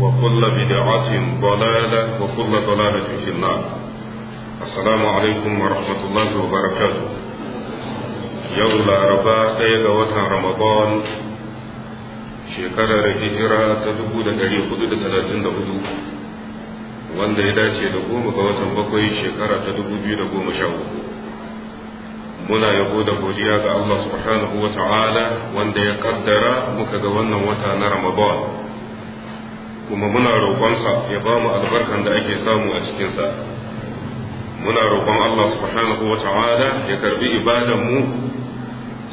وكل بدعة ضلالة وكل ضلالة في النار السلام عليكم ورحمة الله وبركاته يوم الأربعاء ليلة رمضان shekarar hijira ta dubu da dari hudu da talatin da hudu wanda ya dace da goma ga watan bakwai shekara ta dubu biyu da goma sha muna yabo da godiya ga Allah subhanahu ta'ala wanda ya kaddara muka ga wannan wata na Ramadan kuma muna roƙonsa ya ba mu albarkan da ake samu a cikinsa muna roƙon Allah subhanahu wa ta'ala ya karbi ibadan mu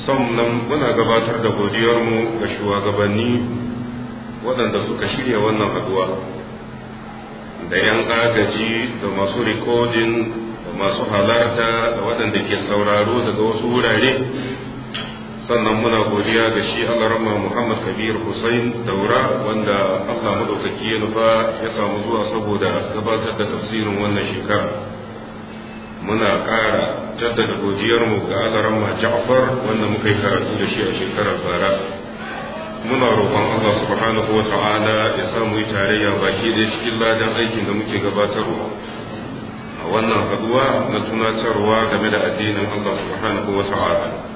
sannan muna gabatar da godiyar mu ga shugabanni waɗanda suka shirya wannan haduwa da yan agaji da masu rikodin da masu halarta da waɗanda ke sauraro daga wasu wurare sannan muna godiya ga shi Allah rahma Muhammad Kabir Hussein Daura wanda Allah madaukaki ya nufa ya samu zuwa saboda gabatar da tafsirin wannan shekara muna ƙara jaddada godiyarmu ga Allah rahma Ja'far wanda muka yi karatu da shi a shekarar bara muna roƙon Allah subhanahu wa ta'ala ya samu yi tarayya baki da cikin ladan aikin da muke gabatarwa a wannan haduwa na tunatarwa game da addinin Allah subhanahu wa ta'ala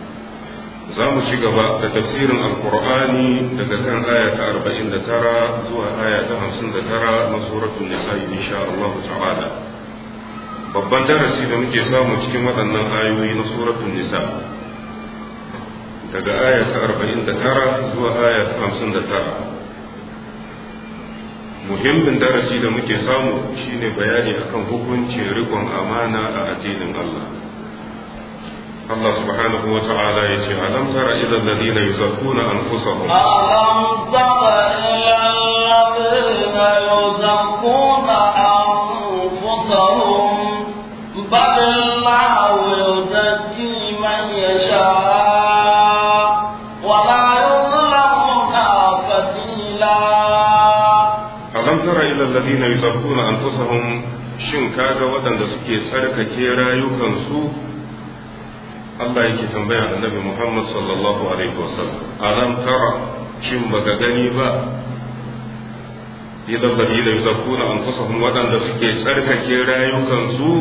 za mu ci gaba da tafsirin alkur'ani daga kan aya ta arba'in da tara zuwa aya ta hamsin da tara na suratun nisa'i insha Allah ta'ala babban darasi da muke samu cikin waɗannan ayoyi na suratun nisa daga aya ta arba'in da tara zuwa aya ta hamsin da tara muhimmin darasi da muke samu shine bayani akan hukuncin riƙon amana a addinin Allah Allah subhanahu wa ta'ala ya ce alam tara ila alladhina yuzakkuna anfusahum alam tara ila alladhina yuzakkuna anfusahum bal Allah yuzakki man yasha الذين يزكون أنفسهم shin kaga waɗanda suke tsarkake rayukansu Allah yake tambaya annabi Muhammad sallallahu alaihi wasallam alam tara shin baka gani ba idan bari da zakuna an kusahum waɗanda suke tsarkake rayukansu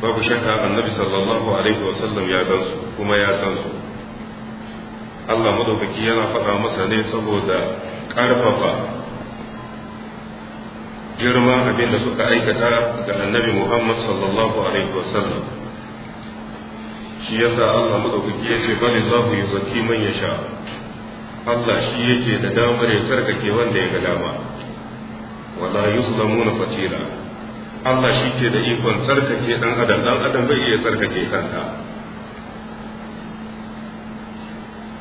babu shakka annabi sallallahu alaihi wasallam ya gan su kuma ya san su Allah madaukaki yana faɗa masa ne saboda ƙarfafa girman abin da suka aikata ga annabi Muhammad sallallahu alaihi wasallam shi yasa Allah madaukaki yace ku yi zaki man ya sha? Allah shi yake da damar ya sarkake wanda ya ga dama wala yuslamuna fatira Allah shi ke da ikon sarkake dan adam dan adam bai iya sarkake kansa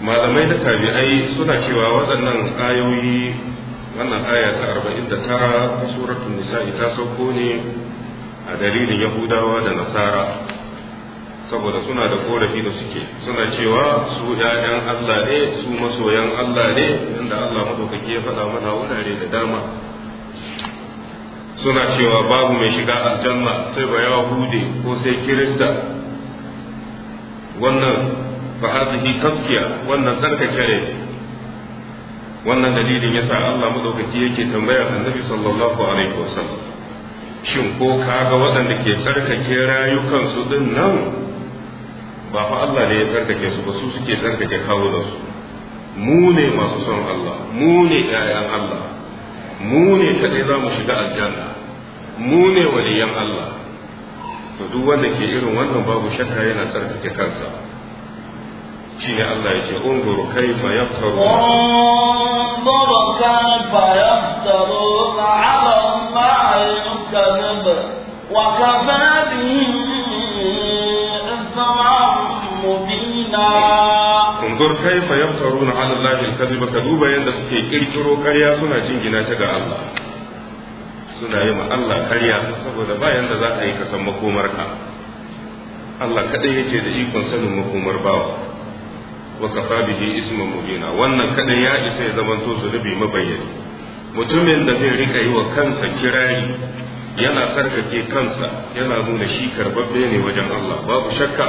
malamai da tabi'ai suna cewa waɗannan ayoyi wannan aya ta arba'in 49 ta suratul nisa'i ta sauko ne a dalilin yahudawa da nasara saboda suna da korafi da suke suna cewa su ƴaƴan Allah ne su masoyan Allah ne inda Allah madaukake ya faɗa mana wurare da dama suna cewa babu mai shiga aljanna sai ba yahude ko sai kirista wannan fa hazihi taskiya wannan tsarkake ne wannan dalilin yasa Allah madaukake yake tambaya annabi sallallahu alaihi wasallam shin ko kaga waɗanda ke tsarkake rayukansu din nan ba fa Allah ne ya tsarkake su ba su suke tsarkake su? mu ne masu son Allah mu ne ƴaƴan Allah mu ne kaɗai za mu shiga aljanna mu ne waliyan Allah to duk wanda ke irin wannan babu shakka yana tsarkake kansa shi ne Allah ya ce unzuru kaifa yaftaru unzuru kaifa yaftaru ala Allah yukadzib wa kafa bihi Ungur kai fa yaftaru na alallahi kaziba ka duba yadda suke kirkiro karya suna jingina ta ga Allah. Suna yi ma Allah karya saboda ba yanda za a yi ka san makomarka. Allah kaɗai yake da ikon sanin makomar bawa. Wa kafa bihi isman mubina wannan kaɗai ya isa ya zamanto rubi mabayyani. Mutumin da zai rika yi wa kansa kirari yana tsarkake kansa yana nuna shi karbabbe ne wajen Allah babu shakka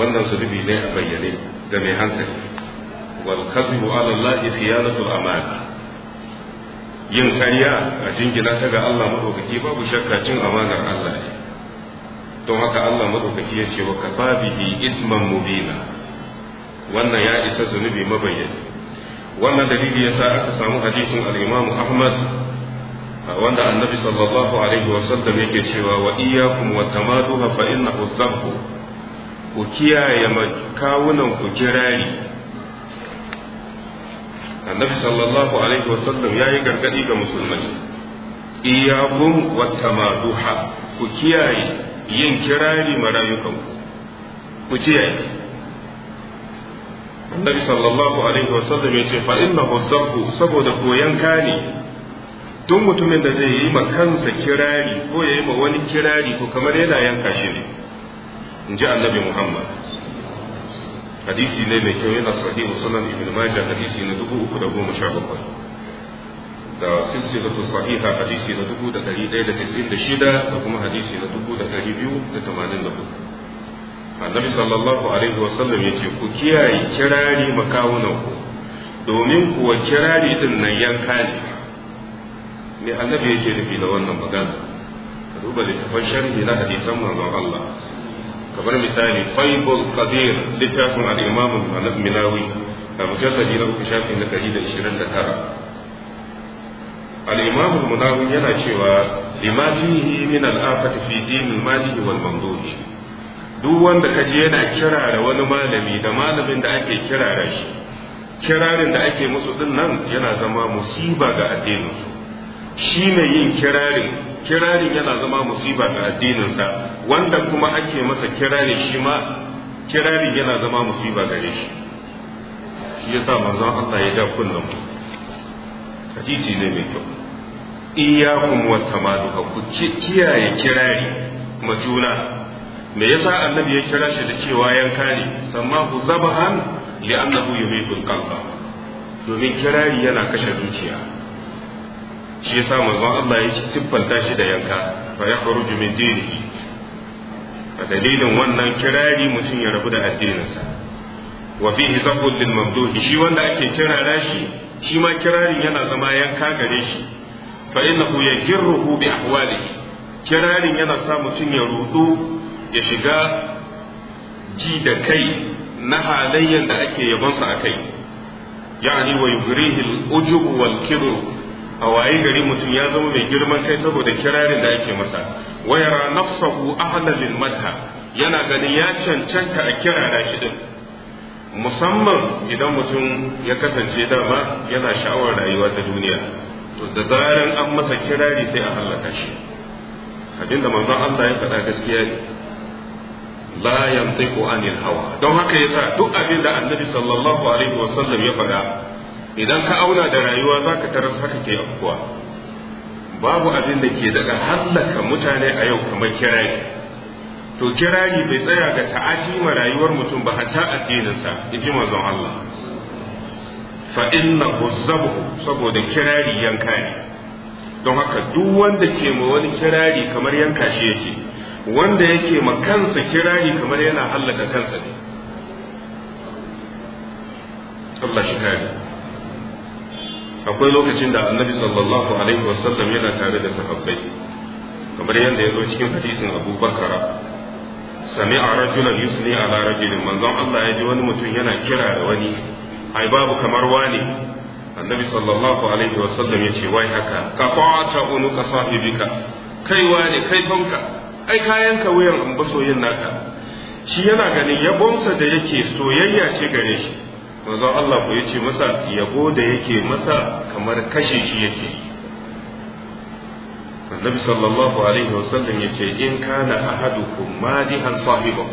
wannan zunubi ne a bayyane da mai hankali wal kadhibu ala Allah khiyanatul amal yin karya a jingina ta ga Allah madaukaki babu shakka cin amanar Allah ne don haka Allah madaukaki ya ce wa kafa kafabihi isman mubina wannan ya isa zunubi mabayyane wannan dalili yasa aka samu hadisin al-Imam Ahmad wanda annabi sallallahu alaihi wasallam yake cewa wa iyyakum wa tamaduha fa innahu zabhu ku kiyaye makawunan ku kirari annabi sallallahu alaihi wasallam yayi gargadi ga musulmai iyyakum wa tamaduha ku kiyaye yin kirari marayukan ku kiyaye annabi sallallahu alaihi wasallam yace fa innahu zabhu saboda koyan kani duk mutumin da zai yi ma kansa kirari ko ya yi ma wani kirari ko kamar yana yanka shi ne in ji annabi muhammad hadisi ne mai kyau yana wa sunan ibn majah hadisi na dubu uku da goma sha bakwai da silsilatu sahiha hadisi na dubu da dari ɗaya da tisin da shida da kuma hadisi na dubu da dari biyu da tamanin da hudu annabi sallallahu alaihi wasallam ya ce ku kiyaye kirari makawunan ku domin kuwa kirari din nan yanka ne me annabi yake nufi da wannan magana ka duba littafan sharhi na hadisan manzon Allah kamar misali faibul kabir littafin al-imam al-milawi da mujalladi na uku shafi na ɗari da ishirin da tara al-imam al-munawi yana cewa lima fihi min al-afati fi din al-mali wal mamduhi duk wanda kaje yana kira da wani malami da malamin da ake kira da shi kirarin da ake musu din nan yana zama musiba ga addininsu shi ne yin kirarin kirarin yana zama musiba ga addininsa wanda kuma ake masa kirari shi ma kirarin yana zama musiba gare shi shi yasa manzon Allah ya ja kullum hadisi ne mai kyau iyyakum wa tamaduha ku kiyaye kirari ma juna me yasa annabi ya kira shi da cewa yanka ne ku zabahan li annahu yumitul qalba domin kirari yana kashe zuciya shi yasa manzon Allah ya siffanta shi da yanka fa yakhruju min dinihi a dalilin wannan kirari mutum ya rabu da addininsa wa fihi zaqul lil mamduhi shi wanda ake kirara shi shi ma kirarin yana zama yanka gare shi fa innahu yajruhu bi ahwalihi kirarin yana sa mutum ya rudu ya shiga ji da kai na halayyar da ake yabonsa a kai ya'ani wa yugrihi al-ujub wal a waye gari mutum ya zama mai girman kai saboda kirarin da ake masa wayar nafsahu ahla lil madha yana ganin ya cancanta a kirara shi din musamman idan mutum ya kasance dama yana sha'awar rayuwa ta duniya to da zaran an masa kirari sai a halaka shi abinda manzon Allah ya faɗa gaskiya ne la yantiqu anil hawa don haka yasa duk abin da annabi sallallahu alaihi wasallam ya faɗa idan ka auna da rayuwa za ka tarar haka ke afkuwa babu abin da ke daga hallaka mutane a yau kamar kirari to kirari bai tsaya ga ta'ati ma rayuwar mutum ba hatta addininsa ji mazan Allah fa innahu zabhu saboda kirari yanka ne don haka duk wanda ke ma wani kirari kamar yanka shi yake wanda yake ma kansa kirari kamar yana hallaka kansa ne Allah shi kare akwai lokacin da annabi sallallahu alaihi wasallam yana tare da sahabbai kamar yadda ya zo cikin hadisin Abu abubakar sami'a rajulan yusli ala rajulin manzon Allah ya ji wani mutum yana kira da wani ai babu kamar wani annabi sallallahu alaihi wasallam ya ce wai haka ka fata unuka sahibika kai wani kai fanka ai kayan ka wuyan ambasoyin naka shi yana ganin yabonsa da yake soyayya ce gare shi manzon Allah ko yace masa yabo da yake masa kamar kashe shi yake annabi sallallahu alaihi wasallam yace in kana ahadukum madihan sahibahu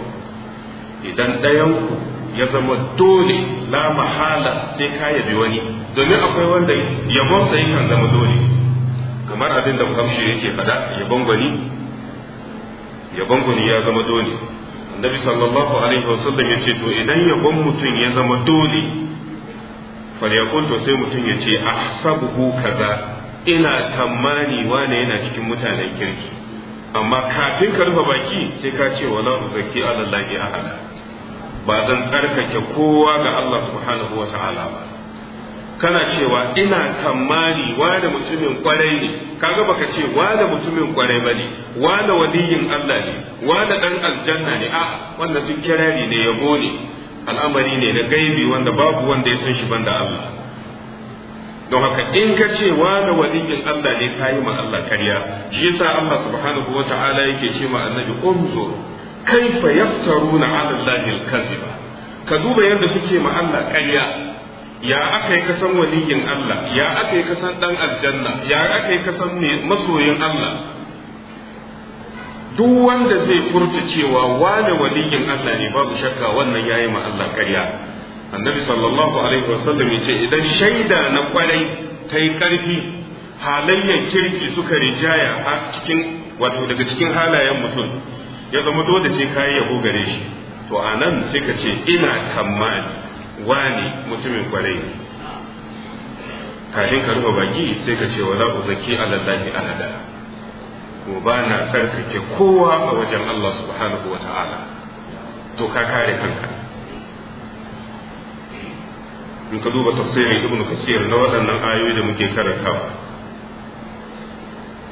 idan ku ya zama dole la mahala sai ka yabi wani domin akwai wanda yabon sa yake zama dole kamar abin da kamshi yake fada yabon gwani yabon gwani ya zama dole Nabi sallallahu alaihi wasallam ya to idan ya yabon mutum ya zama dole falyakun to sai mutum yace ce ahsabuhu kaza ina tamani wane yana cikin mutanen kirki amma kafin ka rufe baki sai ka ce wala uzaki alallahi ahada ba zan tsarkake kowa ga Allah subhanahu wa ta'ala ba kana cewa ina wa da mutumin kwarai ne kaga baka ce da mutumin kwarai ba ne da waliyin Allah ne da dan aljanna ne a wannan duk kirari ne yabo ne al'amari ne na gaibi wanda babu wanda ya san shi banda Allah don haka in ka ce da waliyin Allah ne kayi ma Allah karya shi yasa Allah subhanahu wata'ala yake ce ma annabi unzur kaifa yaftaruna 'ala Allahi al-kadhiba ka duba yadda suke ma Allah karya ya aka yi kasan waliyin Allah ya aka yi kasan dan aljanna ya aka yi kasan masoyin Allah duk wanda zai furta cewa wane waliyin Allah ne babu shakka wannan yayi ma Allah ƙarya annabi sallallahu alaihi wasallam yace idan shaida na kwarai ta yi ƙarfi halayyar kirki suka rijaya a cikin wato daga cikin halayen mutum ya zama dole sai kayi yabo gare shi to anan sai ka ce ina tamani wani mutumin kwarai kafin ka rufe baki sai ka ce wa za ku zaki alallahi ahada ko ba na tsarkake kowa a wajen Allah subhanahu wa ta'ala to ka kare kanka in ka duba tafsirin ibnu kasir na waɗannan ayoyi da muke karantawa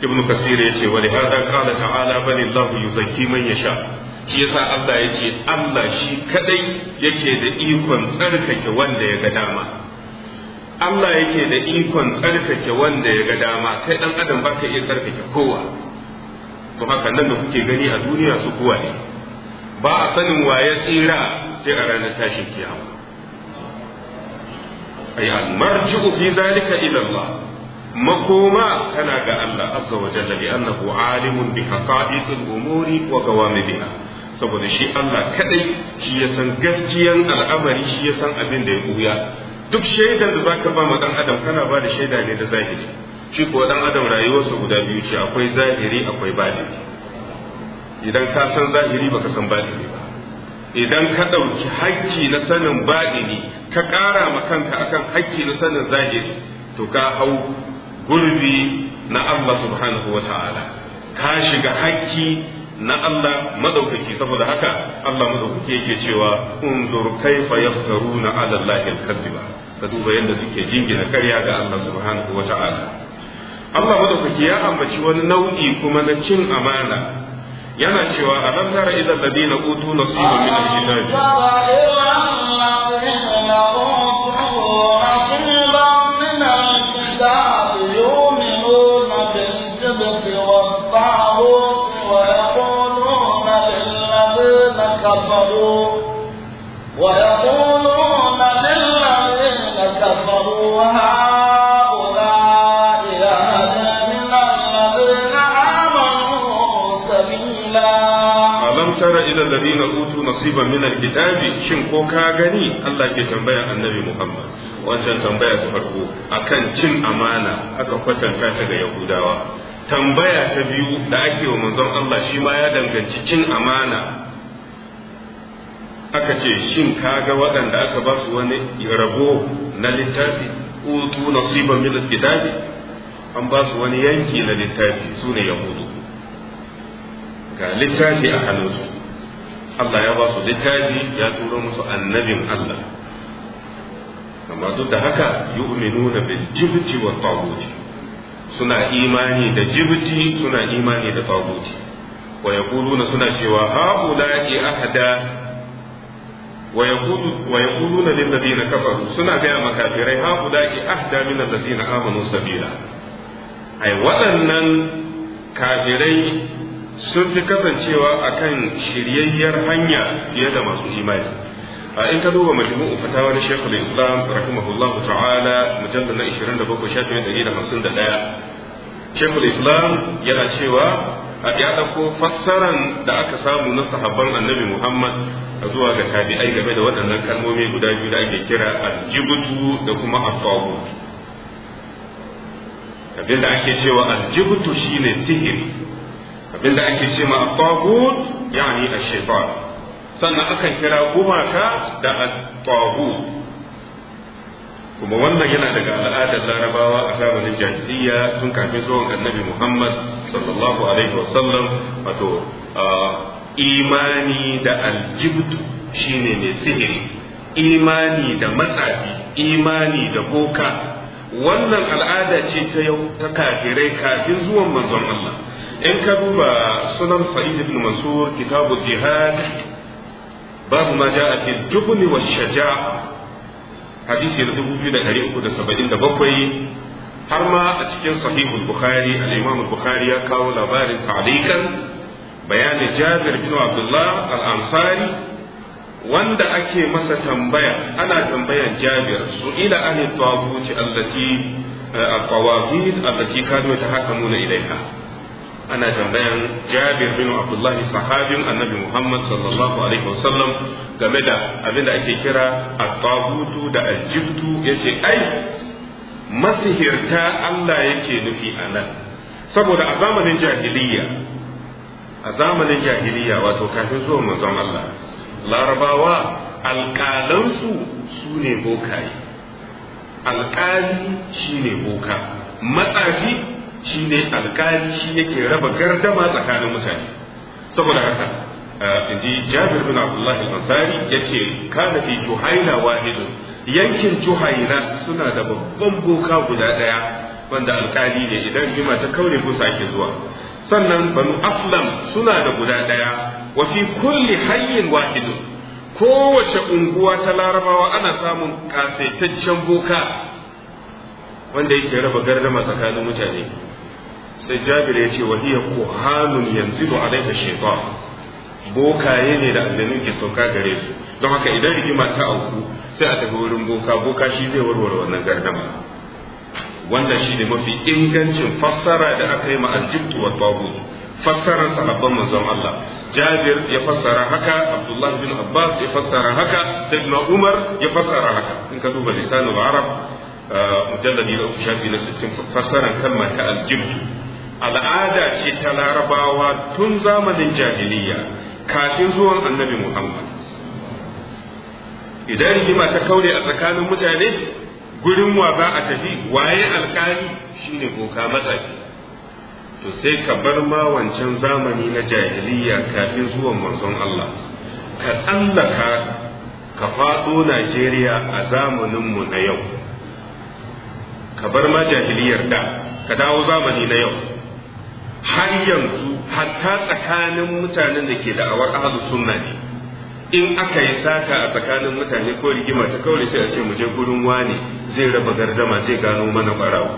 ibnu kasir ya ce wa lihada qala ta'ala bal illahu yuzakki man yasha' shi yasa Allah ya ce Allah shi kadai yake da ikon tsarkake wanda ya ga dama Allah yake da ikon tsarkake wanda ya ga dama kai dan adam ba ka iya tsarkake kowa to haka nan da kuke gani a duniya su kowa ne ba a sanin waye tsira sai a ranar tashin kiyama ay al-marji'u fi zalika ila Allah makoma tana ga Allah azza wa jalla li annahu alimun bi haqa'iqil umuri wa saboda shi Allah kadai shi ya san gaskiyan al'amari shi ya san abin da ya buya duk shaidan da zaka ba ma dan adam kana ba da shaida ne da zahiri shi kuwa dan adam rayuwarsa guda biyu ce akwai zahiri akwai batini idan ka san zahiri baka san batini ba idan ka ɗauki hakki na sanin batini ka ƙara ma kanka akan hakki na sanin zahiri to ka hau gurbi na Allah subhanahu wa ta'ala ka shiga hakki na Allah madaukaki saboda haka Allah madaukaki yake cewa unzur kaifa yaftaruna ala Allahi al-kadhiba ka duba yadda suke jingina karya ga Allah subhanahu wata'ala Allah madaukaki ya ambaci wani nau'i kuma na cin amana yana cewa nan tara idan ladina utu nasiban min al-kitab nasiban min alkitabi shin ko ka gani Allah ke tambaya annabi Muhammad wancan tambaya ta farko a kan cin amana aka kwatanta ta ga Yahudawa tambaya ta biyu da ake wa manzon Allah shi ma ya danganci cin amana aka ce shin ga waɗanda aka ba su wani rabo na littafi utu siban min kitabi an ba su wani yanki na littafi su ne yahudu ga littafi a hannunsu Allah ya ba su littafi ya turo musu annabin Allah amma duk da haka yu'minuna bil jibti wa tawuti suna imani da jibti suna imani da tawuti wa yaquluna suna cewa ha'ula'i ahada wa yaquluna lil ladina kafaru suna ga makafirai ha udaki ahda min alladina amanu sabila waɗannan kafirai sun fi kasancewa akan shiryayyar hanya fiye da masu imani a in ka duba majmu'u fatawa na Sheikhul Islam rahimahullahu ta'ala mujallal na 27 shafin 151 Sheikhul Islam yana cewa ya ɗauko fassaran da aka samu na sahabban annabi Muhammad A zuwa ga tabi'ai game da waɗannan kalmomi guda biyu da ake kira aljibutu da kuma at abin da ake cewa aljibutu shine sihir, abin da ake cewa at ya yani a shaytan sannan akan kira gumaka da at kuma wannan yana daga al'adar larabawa a zamanin jahiliya tun kafin zuwan annabi muhammad sallallahu alaihi wasallam wato imani da aljibtu shine mai sihiri imani da matsafi imani da boka wannan al'ada ce ta yau ta kafirai kafin zuwan manzon Allah in ka duba sunan sa'id ibn mansur Kitabu jihad babu ma ja'a fi jubni wa shaja'a hadisi na dubu biyu da ɗari uku da saba'in da bakwai har ma a cikin sahihul bukhari al-imam bukhari ya kawo labarin ta'likan bayanin jabir bin abdullah al-ansari wanda ake masa tambaya ana tambayan jabir su ila ahli tawafuci allati eh, al ana tambayan jabir bin abdullah sahabin annabi muhammad sallallahu alaihi wasallam game da abin da ake kira at tabutu da al-jibtu yace ai masihirta Allah yake nufi anan saboda a zamanin jahiliya a zamanin jahiliya wato kafin zuwa manzon Allah larabawa alƙalansu su ne bokaye alƙali shi ne boka matsafi shi ne alkali shi yake raba gardama tsakanin mutane saboda haka inji jabir bin abdullah al-ansari yace kana fi juhaila wahidun yankin juhaila suna da babban boka guda daya wanda alkali ne idan jima ta kaure ko sake zuwa sannan banu aslam suna da guda daya wa fi kulli hayyin wahidun kowace unguwa ta larabawa ana samun kasaitaccen boka wanda yake raba gardama tsakanin mutane sai jabir ya ce wa hiya kuhanun yanzilu alayka shaytan bokaye ne da aljanun ke sauka gare su don haka idan rigima ta auku sai a tafi wurin boka boka shi zai warware wannan gardama wanda shi ne mafi ingancin fassara da aka yi ma wa tawhid fassarar sahabban manzon Allah Jabir ya fassara haka Abdullah bin Abbas ya fassara haka Sayyidina Umar ya fassara haka in ka duba lisanul arab uh, mujalladi uku shafi na 60 fassarar ma ta aljibtu al'ada ce ta larabawa tun zamanin jahiliya kafin zuwan annabi muhammad idan rigima ta kaure a tsakanin mutane gurin wa za a tafi waye alkali shine boka matsafi to sai ka bar ma wancan zamani na jahiliya kafin zuwan manzon Allah ka tsallaka ka faɗo Najeriya a zamaninmu na yau ka bar ma jahiliyar da ka dawo zamani na yau har yanzu hatta tsakanin mutanen da ke da'awar ahlu sunna ne in aka yi sata a tsakanin mutane ko rigima ta kawai sai a ce mu je gurin wani zai raba gardama zai gano mana barawo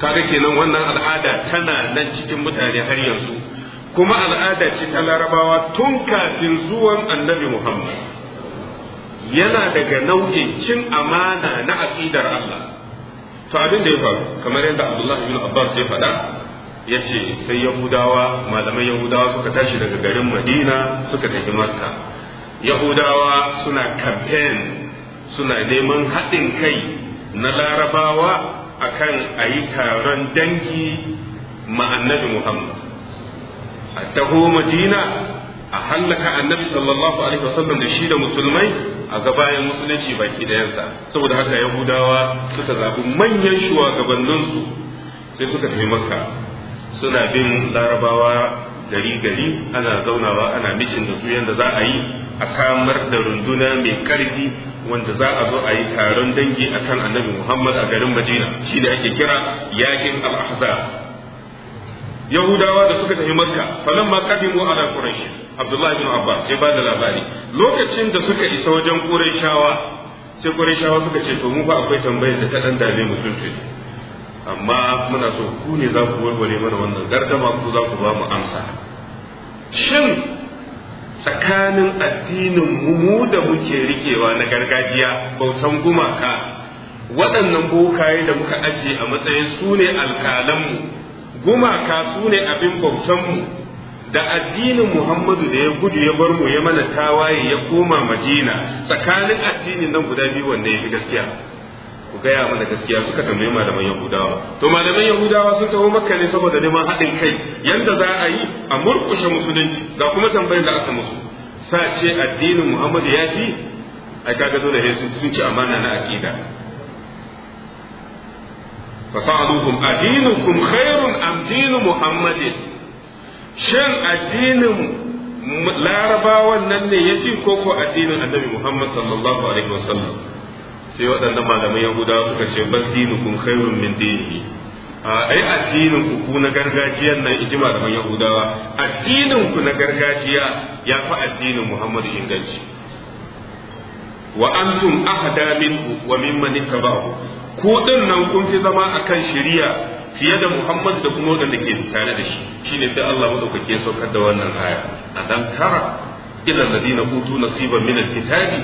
kaga kenan wannan al'ada tana nan cikin mutane har yanzu kuma al'ada ce ta larabawa tun kafin zuwan annabi muhammad yana daga nau'in cin amana na aqidar allah to abin da ya faru kamar yadda abdullahi bin abbas ya faɗa ya ce sai yahudawa malamai yahudawa suka tashi daga garin madina suka tafi makka yahudawa suna campaign suna neman haɗin kai na larabawa akan a yi taron dangi ma'annabi muhammad a taho madina a hallaka annabi sallallahu alaihi wasallam da shi da musulmai a gabayan musulunci baki da yansa. saboda haka yahudawa suka zaɓi manyan shugabanninsu sai suka tafi makka suna bin larabawa gari gari ana zaunawa ana mishin da su yadda za a yi a kamar da runduna mai karfi wanda za a zo a yi taron dangi a kan annabi muhammad a garin madina shi da ake kira yakin al'ahza yahudawa da suka tafi makka falamma qadimu ala quraish abdullahi ibn abbas ya bada labari lokacin da suka isa wajen qurayshawa sai qurayshawa suka ce to mu fa akwai tambayar da ta dan dame mu tuntuni amma muna so ku ne za ku warware mana wannan gardama ku za ku ba mu amsa shin tsakanin addinin mu da muke rikewa na gargajiya bautan gumaka waɗannan bokaye da muka ajiye a matsayin su ne alkalanmu gumaka su ne abin bautanmu da addinin muhammadu da ya gudu ya bar mu ya mana tawaye ya koma madina tsakanin addinin nan guda biyu wanda ya fi gaskiya ku gaya mana gaskiya suka tambaye malaman yahudawa to malaman yahudawa sun taho makka ne saboda neman haɗin kai yanda za a yi a murƙushe musulunci ga kuma tambayar da aka musu sa ce addinin muhammadu ya fi ai kaga dole ne sun ci amana na aqida fasaluhum adinukum khairun am din muhammadin shin addinin larabawan nan ne yaji ko ko addinin annabi muhammad sallallahu alaihi wasallam sai waɗannan malaman yahudawa suka ce dini kun khairun min dinihi ai addinin ku ku na gargajiyan nan iji malaman yahudawa addinin ku na gargajiya ya fi addinin muhammadu inganci wa antum ahda minku wa mimman ittaba'u ku din nan kun fi zama akan shari'a fiye da muhammad da kuma wanda ke tare da shi shine sai Allah madaukake saukar da wannan aya adan tara ila alladhina utu nasiban min alkitabi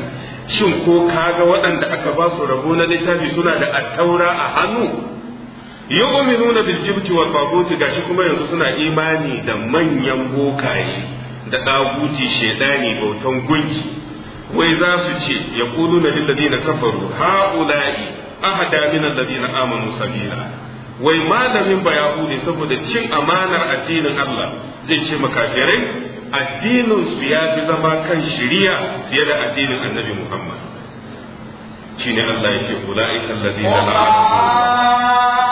shin ko kaga waɗanda aka ba su rabo na littafi suna da attaura a hannu yu'minuna bil jibti wal taguti gashi kuma yanzu suna imani da manyan bokaye da daguti shedani bautan gunki wai za su ce yaquluna lil ladina kafaru ha'ula'i ahada min alladhina amanu sabila wai malamin ba ne saboda cin amanar addinin Allah zai ce makafirai addinin su ya fi zama kan shiriya fiye da addinin annabi Muhammad shine Allah ya ce ulai alladhina la'anahum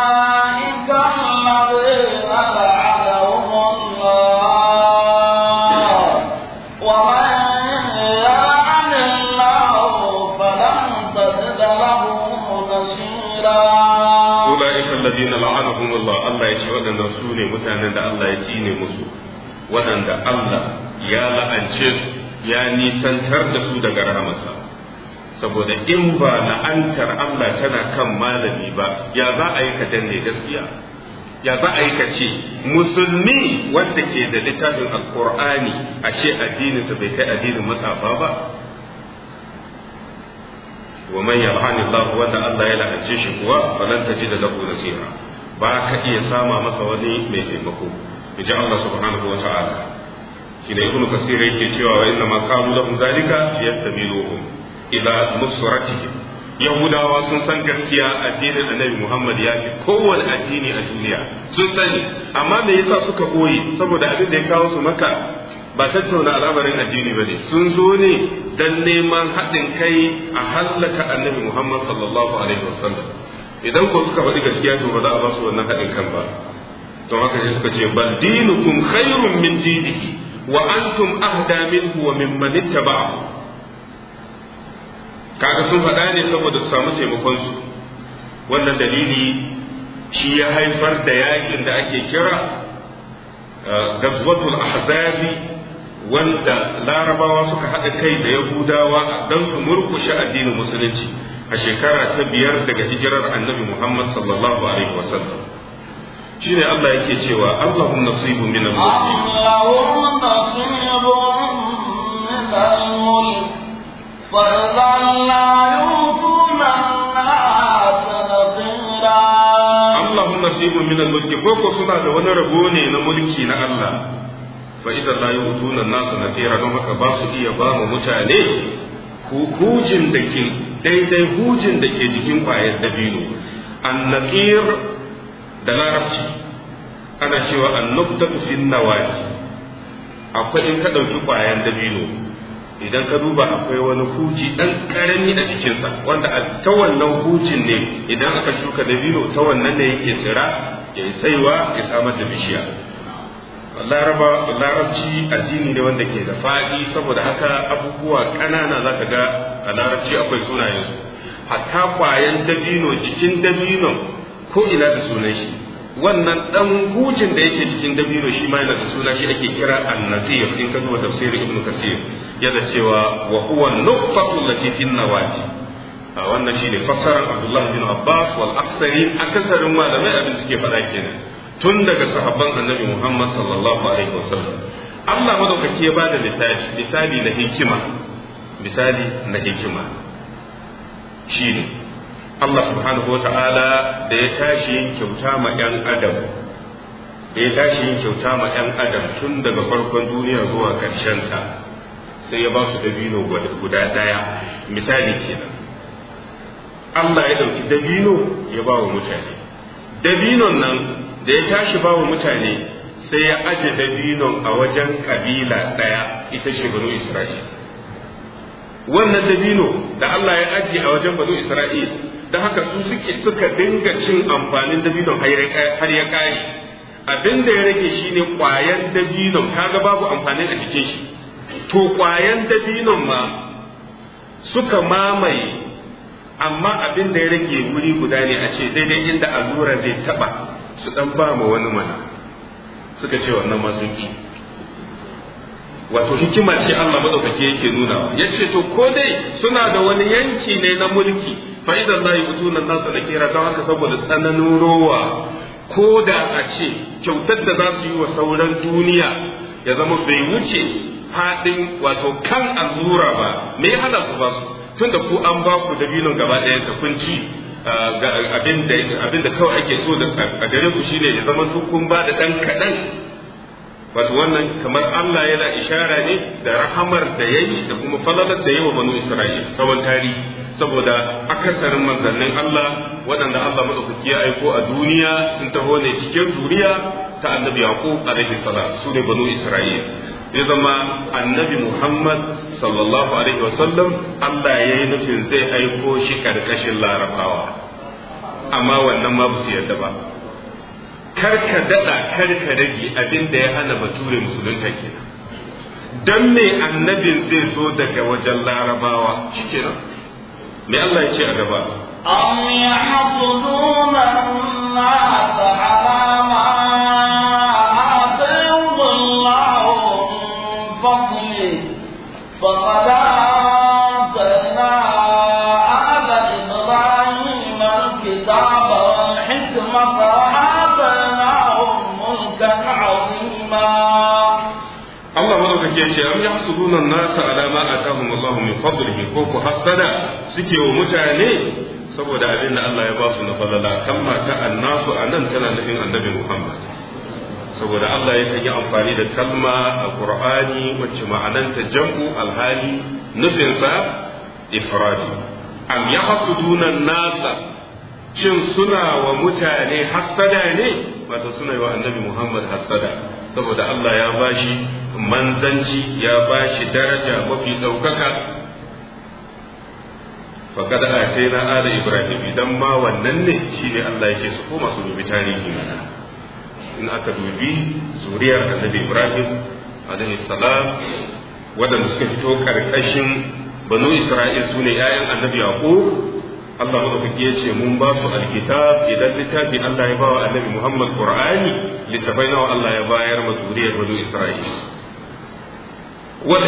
mutanen da Allah ya tsine musu waɗanda Allah ya la'ance su ya nisantar da su daga rahamarsa saboda in ba la'antar Allah tana kan malami ba ya za a yi ka danne gaskiya ya za a yi ka ce musulmi wanda ke da littafin alkur'ani ce addininsa bai kai addinin matsafa ba ومن يلعن الله وتعالى يلعن شيء شكوى فلن تجد له نصيرا ba ka iya sama masa wani mai taimako in ji Allah subhanahu wa ta'ala shi da ibnu kasir yake cewa wa inna ma qalu lahum zalika yastabiluhum ila nusratihim yahudawa sun san gaskiya addinin annabi muhammad ya fi kowane addini a duniya sun sani amma me yasa suka koyi saboda abin da ya kawo su maka ba tattauna al'amarin addini ba ne sun zo ne don neman haɗin kai a hallaka annabi muhammad sallallahu alaihi wasallam idan ko suka faɗi gaskiya to ba za a ba su wannan haɗin kan ba to haka sai suka ce bal dinukum khairun min dinihi wa antum ahda minhu wa mimman ittaba'ahu kaga sun faɗa ne saboda su samu taimakon su wannan dalili shi ya haifar da yakin da ake kira eh, gazwatul ahzabi wanda larabawa suka haɗa kai da yahudawa don su murkushe addinin musulunci a shekara ta biyar daga hijirar annabi Muhammad sallallahu alaihi wa sallam shine Allah yake cewa Allahumma nasibu min al-mulk nasibu min al mulki ko Allahumma min al ko suna da wani rabo ne na mulki na Allah fa idan la yuquna nasu na tira don haka ba su iya ba mu mutane hujin da ke daidai hujin da ke jikin kwayar dabino annaqir da larabci ana cewa nukta fi nawaji akwai in ka dauki kwayar dabino idan ka duba akwai wani huji dan karami a jikinsa wanda a ta wannan hujin ne idan aka shuka dabino ta wannan ne yake tsira ya saiwa ya samar da bishiya laraba larabci addini ne wanda ke da fadi saboda haka abubuwa kanana za ka ga a larabci akwai sunayensu hatta kwayan dabino jikin dabino ko ina da sunan shi wannan dan hucin da yake cikin dabino shi ma yana da suna shi ake kira annasir in ka zuwa tafsirin ibnu kasir yana cewa wa huwa nuqfatu lati fi nawati wannan shine fassarar abdullahi bin abbas wal aksarin akasarin malamai abin suke faɗa kenan tun daga sahabban annabi Muhammad sallallahu alaihi wasallam Allah madaukaki ya bada misali misali na hikima misali na hikima shine Allah subhanahu wata'ala da ya tashi yin kyauta ma ‘yan adam da ya tashi yin kyauta ma ‘yan adam tun daga farkon duniya zuwa ta, sai ya ba su dabino guda ɗaya misali kenan Allah ya ɗauki dabino ya ba wa mutane dabinon nan da ya tashi ba wa mutane sai ya aje dabinon a wajen kabila ɗaya ita ce banu isra'il wannan dabino da Allah ya aje a wajen banu isra'il da haka su suke suka dinga cin amfanin dabinon har ya kare abin da ya rage shine kwayan dabinon kaga babu amfani a cikin shi to kwayan dabinon ma suka mamaye amma abin da ya rage wuri guda ne a ce daidai inda allura zai taba su ɗan ba mu wani mana suka ce wannan ma ki wato hikima ce Allah madaukake yake nuna Ya ce to ko dai suna da wani yanki ne na mulki fa idan la yutuna nasa da kira don haka saboda tsananin rowa ko da a ce kyautar da za su yi wa sauran duniya ya zama bai wuce haɗin wato kan allura ba me hana su ba su tunda ku an ba ku dabinin gaba ɗaya ta kun abin da kawai ake so a gare ku shine ya zama kun ba da ɗan kaɗan wato wannan kamar Allah yana ishara ne da rahamar da ya yi da kuma falalar da yawa banu Isra'il tsawon tarihi saboda akasarin manzannin Allah waɗanda Allah maɗaukaki ya aiko a duniya sun taho ne cikin zuriya ta annabi Yaqub alaihi salam su ne banu Isra'il ya zama annabi Muhammad sallallahu alaihi wasallam Allah ya yi nufin zai aiko shi karkashin larabawa amma wannan ma su yadda ba karka daɗa karka rage abin da ya hana bature musulunta kenan Don me annabin zai zo daga wajen larabawa shikenan me Allah ya ce a gaba am yahsuduna ma ta'ala yace am yahsuduna an-nas ala ma atahum Allah min fadlihi ko ku hasada suke wa mutane saboda abin da Allah ya ba su na falala kalma ta annasu anan tana nufin annabi Muhammad saboda Allah ya yi amfani da kalma a Qur'ani wacce ma'ananta jam'u alhali nufinsa ifradi am yahsuduna an-nasa shin suna wa mutane hasada ne wato suna yi wa annabi Muhammad hasada saboda Allah ya bashi manzanci ya ba shi daraja mafi ɗaukaka faƙada a sai na ala ibrahim idan ma wannan ne shi ne allah ya ce su koma su dubi tarihi mana in aka dubi zuriyar annabi ibrahim alaihi salam waɗanda suka fito ƙarƙashin banu isra'il su ne 'ya'yan annabi yaqub Allah madaukaki ya ce mun ba su alkitab idan littafi Allah ya bawa annabi Muhammad Qur'ani littafai nawa Allah ya bayar ma zuriyar banu Isra'il wal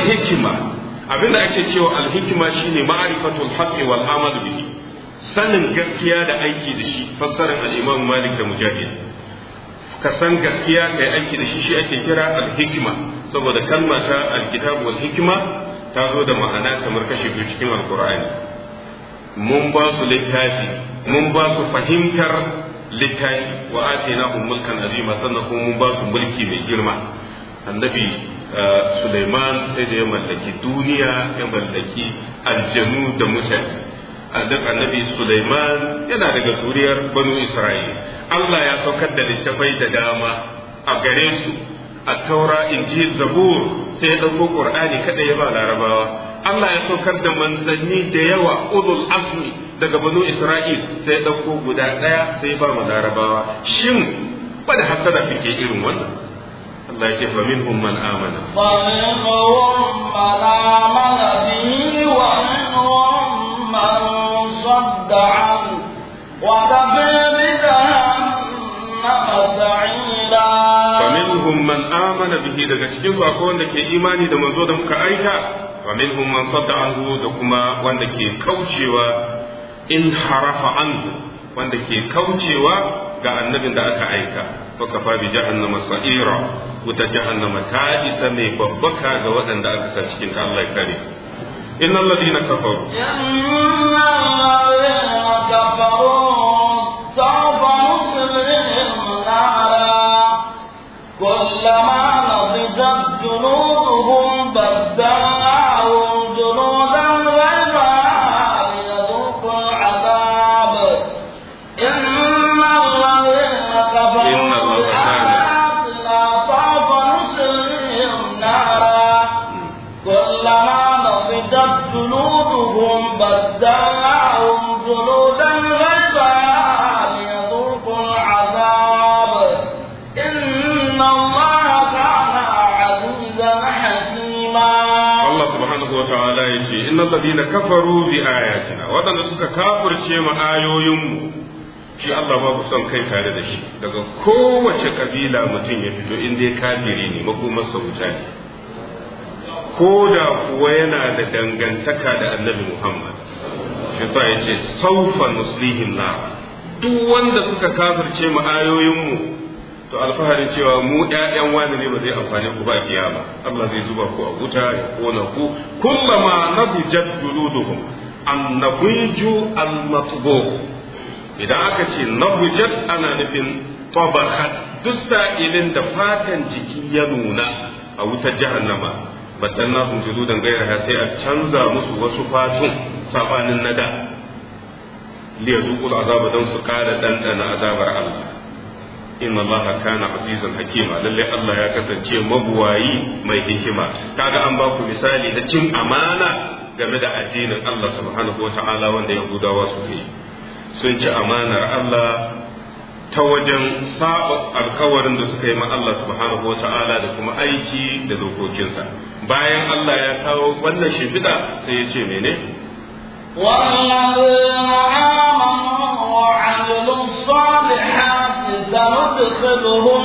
abinda ake cewa alhikima shine ma'rifatul haqqi wal amal bihi sanin gaskiya da aiki da shi fassarar al imam malik da mujahid ka san gaskiya kai aiki da shi shi ake kira al hikima saboda kalma ta alkitab wal hikima ta zo da ma'ana kamar kashi biyu cikin alqur'ani mun ba su littafi mun ba su fahimtar littafi wa atina mulkan azima sannan kuma mun ba su mulki mai girma annabi Suleiman sai da ya mallaki duniya ya mallaki aljanu da mutane duk annabi Suleiman yana daga zuriyar banu Isra'il Allah ya saukar da littafai da dama a gare su a taura injil zabur sai ya ɗauko ƙur'ani kaɗai ya ba larabawa Allah ya saukar da manzanni da yawa ulul azmi daga banu Isra'il sai ya ɗauko guda ɗaya sai ya ba larabawa shin ba da hasada kike irin wannan Allah ya ce fa minhum man amana fa minhum man amana bihi wa minhum man sadda an wa kafa bi jahannama sa'ira fa man amana bihi daga cikin su akwai wanda ke imani da manzo da muka aika wa man sadda da kuma wanda ke kaucewa in harafa wanda ke kaucewa ga annabin da aka aika fa kafa bi jahannama sa'ira wuta jahannama ta isa mai babbaka ga waɗanda aka sa cikin ta Allah ya kare innal ladina kafaru innal kafaru جنودهم بل دعهم جنودا غيرها ليذوقوا العذاب إن الله كان عزيزا حكيما الله سبحانه وتعالى يجي إن الذين كفروا بآياتنا وأنا سك كافر شيء ما آيوهم shi Allah babu son kai tare da shi daga kowace kabila mutum ya fito in dai kafiri ne makomar sa wuta ne ko da kuwa yana da dangantaka da annabi Muhammad shi sa yace saufa na duk wanda suka kafirce mu ayoyinmu to alfaharin cewa mu ƴaƴan wani ne ba zai amfani ku ba kiyama Allah zai zuba ku a wuta ya kona ku kullama nabujat juluduhum an ju al idan aka ce nabujat ana nufin tabakat duk sa'ilin da fatan jiki ya nuna a wutar jahannama baddannahum juludan ghayraha sai a canza musu wasu fatun sabanin nada li yazuqul azaba dan su kara dandana azabar Allah inna Allah kana azizan hakima lalle Allah ya kasance mabuwayi mai hikima kaga an ba ku misali na cin amana game da addinin Allah subhanahu wa ta'ala wanda Yahudawa suke sun ci amanar Allah ta wajen saba alkawarin da suka yi ma Allah subhanahu wa ta'ala da kuma aiki da dokokinsa bayan Allah ya kawo wannan shimfiɗa sai ya ce mene والذين آمنوا وعملوا الصالحات سندخلهم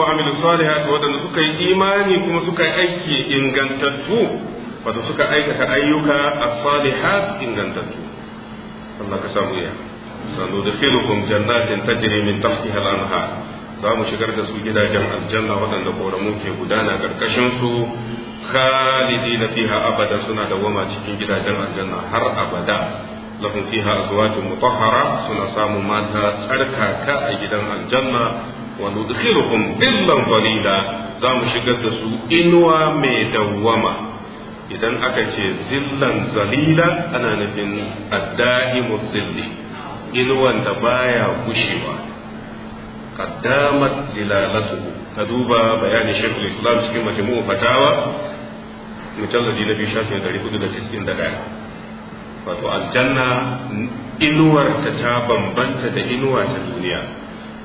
wa amilu salihati wadanda suka yi imani kuma suka yi aiki ingantattu wato suka aikata ayyuka a salihat ingantattu Allah ka samu ya sanu da filukum jannatin tajri min tahtiha al za mu shigar da su gidajen aljanna waɗanda koramu ke gudana karkashin su na fiha abada suna dawama cikin gidajen aljanna har abada Lafin fiha azwajun mutahhara suna samu mata tsarkaka a gidan aljanna wa nudkhiluhum dhillan qalila za mu shigar da su inuwa mai dawwama idan aka ce zillan zalila ana nufin adda'imu zilli inuwan da baya gushewa qaddamat zilalatu ka duba bayanin shaykhul islam cikin majmu'u fatawa mujalladi na biyu shafi ɗari hudu da cikin da ɗaya wato aljanna inuwar ta ta bambanta da inuwa ta duniya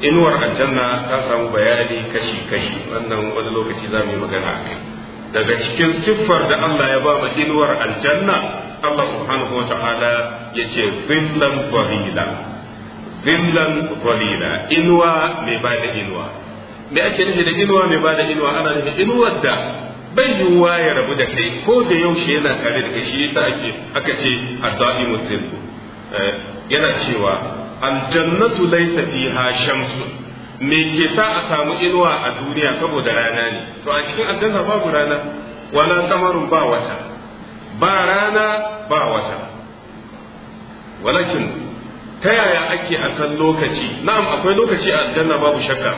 inuwar aljanna ta samu bayani kashi-kashi wannan wani lokaci za mu yi magana daga cikin siffar da Allah ya ba mu inuwar aljanna Allah subhanahu wata'ala ya ce zillan zalila zillan zalila inuwa mai ba da inuwa me ake nufi da inuwa mai ba da inuwa ana nufi inuwar da bai yiwuwa ya rabu da kai ko da yaushe yana tare da kai shi yasa ake aka ce adda'imu zillu eh, yana cewa aljannatu laysa fiha shamsu me ke sa a samu inuwa a duniya saboda rana ne to a cikin aljanna babu rana wala kamarun ba wata ba rana ba wata walakin ta yaya ake a san lokaci na'am akwai lokaci a aljanna babu shakka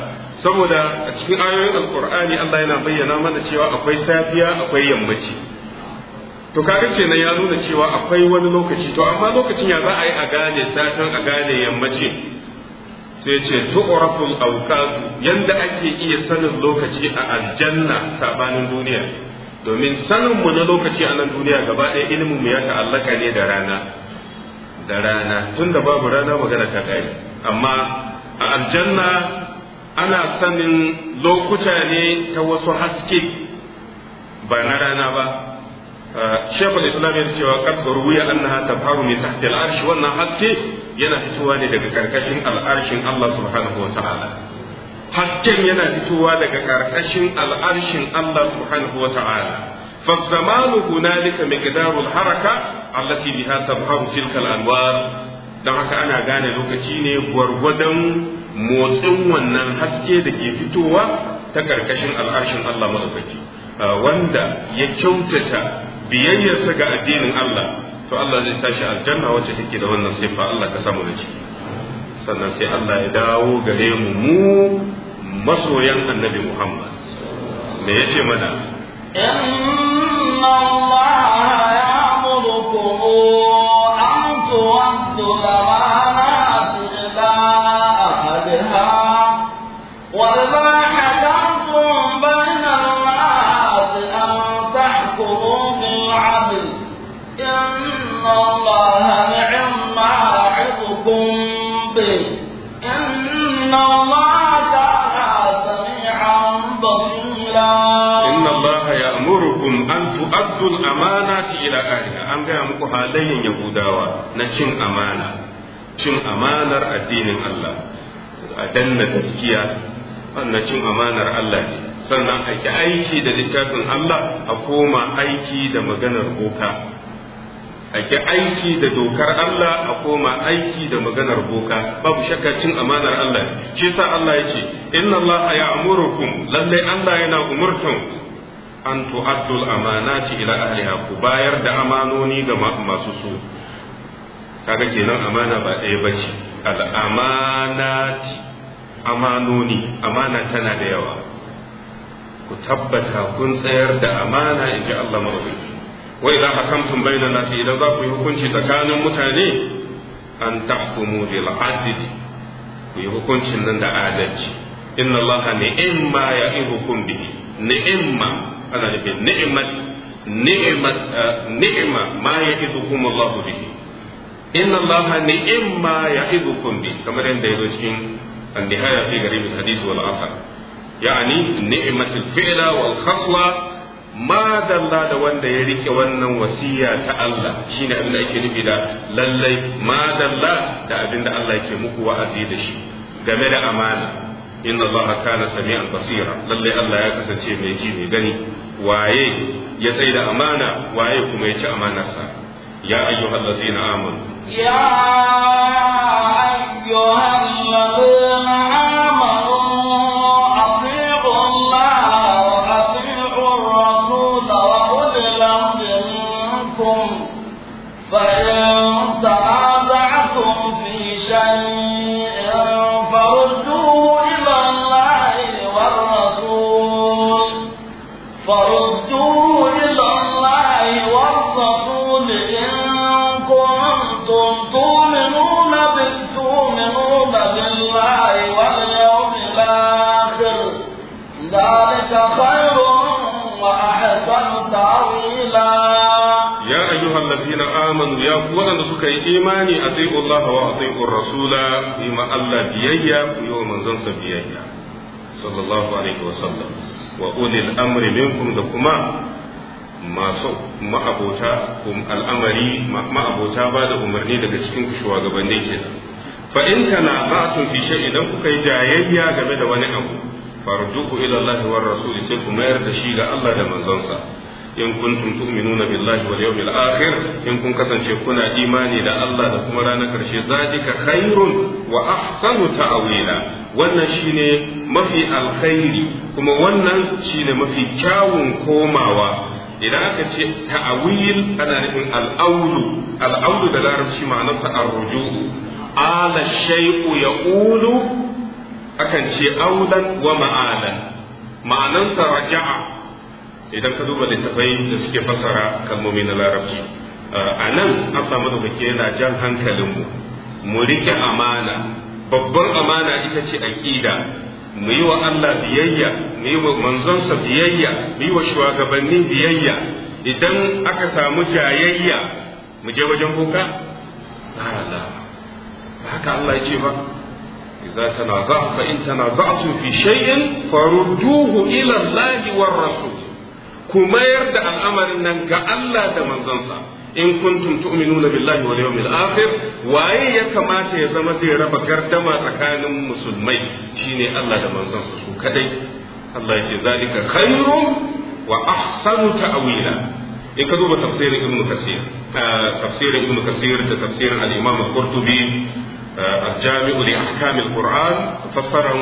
saboda a cikin ayoyin alqur'ani Allah yana bayyana mana cewa akwai safiya akwai yammaci to kaga kenan ya nuna cewa akwai wani lokaci to amma lokacin ya za a yi a gane satan a gane yammaci sai ce tu'raful awqat yanda ake iya sanin lokaci a aljanna sabanin duniya domin sanin mu na lokaci a nan duniya gaba ɗaya ilimin mu ya ta'allaka ne da rana da rana tunda babu rana magana ta kai amma a aljanna ana sanin lokuta ne ta wasu haske ba na rana ba shekul islam yana cewa kadbar wuya annaha tafaru min tahtil arshi wannan haske yana fitowa ne daga karkashin al'arshin Allah subhanahu wa ta'ala hasken yana fitowa daga karkashin al'arshin Allah subhanahu wa ta'ala فالزمان هنالك haraka الحركة التي بها تظهر تلك الأنوار Dan haka ana gane lokaci ne gwargwadon motsin wannan haske da ke fitowa ta karkashin al'arshin Allah maɗaukaki wanda ya kyautata biyayyarsa ga addinin Allah to Allah zai tashi aljanna wacce take da wannan sifa Allah ka samu da shi sannan sai Allah ya dawo gare mu mu masoyan annabi Muhammad me yace mana inna Allah tu'addul amanati ila ahliha an gaya muku halayen yahudawa na cin amana cin amanar addinin Allah a danna gaskiya wannan cin amanar Allah ne sannan a ki aiki da littafin Allah a koma aiki da maganar boka a ki aiki da dokar Allah a koma aiki da maganar boka babu shakka cin amanar Allah shi sa Allah ya ce inna Allah ya amurukum lalle Allah yana umurtan. an tu'addul amanati ila ahliha ku bayar da amanoni ga masu su kaga kenan amana ba ɗaya bace al amanati amanoni amana tana da yawa ku tabbata kun tsayar da amana in ji Allah maɗaukaki wa idan hakamtum bainan nasi idan za ku yi hukunci tsakanin mutane an tahkumu bil adl ku yi hukuncin nan da adalci inna Allah ni'ma ya'ibukum bihi ni'ma ana nufin ni'imat ni'imat eh, ni'ima ma ya'idukum Allah bihi inna Allah ni'imma ya'idukum bi kamar yadda yazo cikin an-nihaya fi gharib al-hadith wal athar yani ni'imat al-fi'la wal khasla ma dalla da wanda ya rike wannan wasiya ta Allah shine abin da ake nufi da lallai ma dalla da abin da Allah yake muku wa'azi da shi game da amana inna allaha kana sami'an basira lalle Allah ya kasance mai ji mai gani waye ya sai da amana waye kuma ya ci amanarsa ya ayyuhal ladzina amanu ya ayyuhal ladzina يا أيها الذين آمنوا يا فوانا سكي إيماني أطيعوا الله وأطيعوا الرسول بما الله بيئيا يوم زنس بيئيا صلى الله عليه وسلم وأولي الأمر منكم لكما masu ma'abota ما ma'abota ba da umarni daga cikin shugabanni kenan fa in kana ba'atun fi shay'in idan kuka yi jayayya game da wani abu farduhu ila Allah wa rasuli sai ku mayar da shi ga Allah da manzonsa in kuntum tu'minuna billahi wal yawmil akhir in kun kasance kuna imani da Allah da kuma ranar karshe zalika khairun wa ahsanu ta'wila wannan shine mafi alkhairi kuma wannan shine mafi kyawun komawa idan aka ce ta'awil ana nufin al'aulu al'aulu da larabci ma'anarsa ar-ruju'u ala shay'u yaqulu akan ce audan wa ma'alan ma'anansa raja'a idan ka duba littafai da suke fassara kalmomi na larabci a nan an samu muke yana jan hankalinmu mu rike amana babban amana ita ce aƙida mu yi wa Allah biyayya mu yi wa manzonsa biyayya mu yi wa shugabannin biyayya idan aka samu jayayya mu je wajen boka haka Allah ya ce ba إذا تنازعت فإن تنازعتم في شيء فردوه إلى الله والرسول da يرد الأمر أنك ألا دمن زنصر in kuntum tu'minuna billahi wal yawmil akhir waye ya kamata ya zama zai raba gardama tsakanin musulmai shine Allah da manzansa su kadai Allah yace zalika khairun wa ahsanu ta'wila in ka duba tafsirin ibnu kasir tafsirin ibnu kasir da tafsirin al-imam الجامع لأحكام القرآن فسره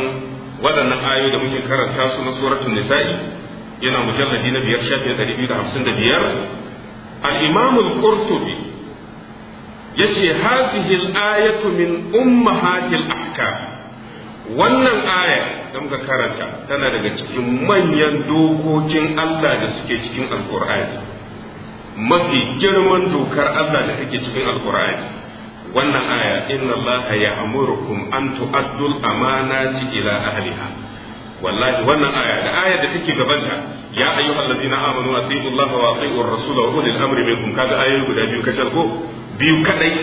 waɗannan ayoyi da muke karanta suna na nisa'i yana mujalladi na biyar shafi ɗari biyu da hamsin da biyar al-imam al-qurtubi yace hadhihi al-ayatu min ummahatil ahkam wannan aya da muka karanta tana daga cikin manyan dokokin Allah da suke cikin alqur'ani mafi girman dokar Allah da take cikin alqur'ani wannan aya inna allaha ya'murukum an tu'addul amanati ila ahliha wallahi wannan aya da aya da take gabanta ya ayyuhallazina amanu atiu allaha wa atiu ar-rasula wa ulil amri minkum kaga ayoyi guda biyu ka sharko biyu kadai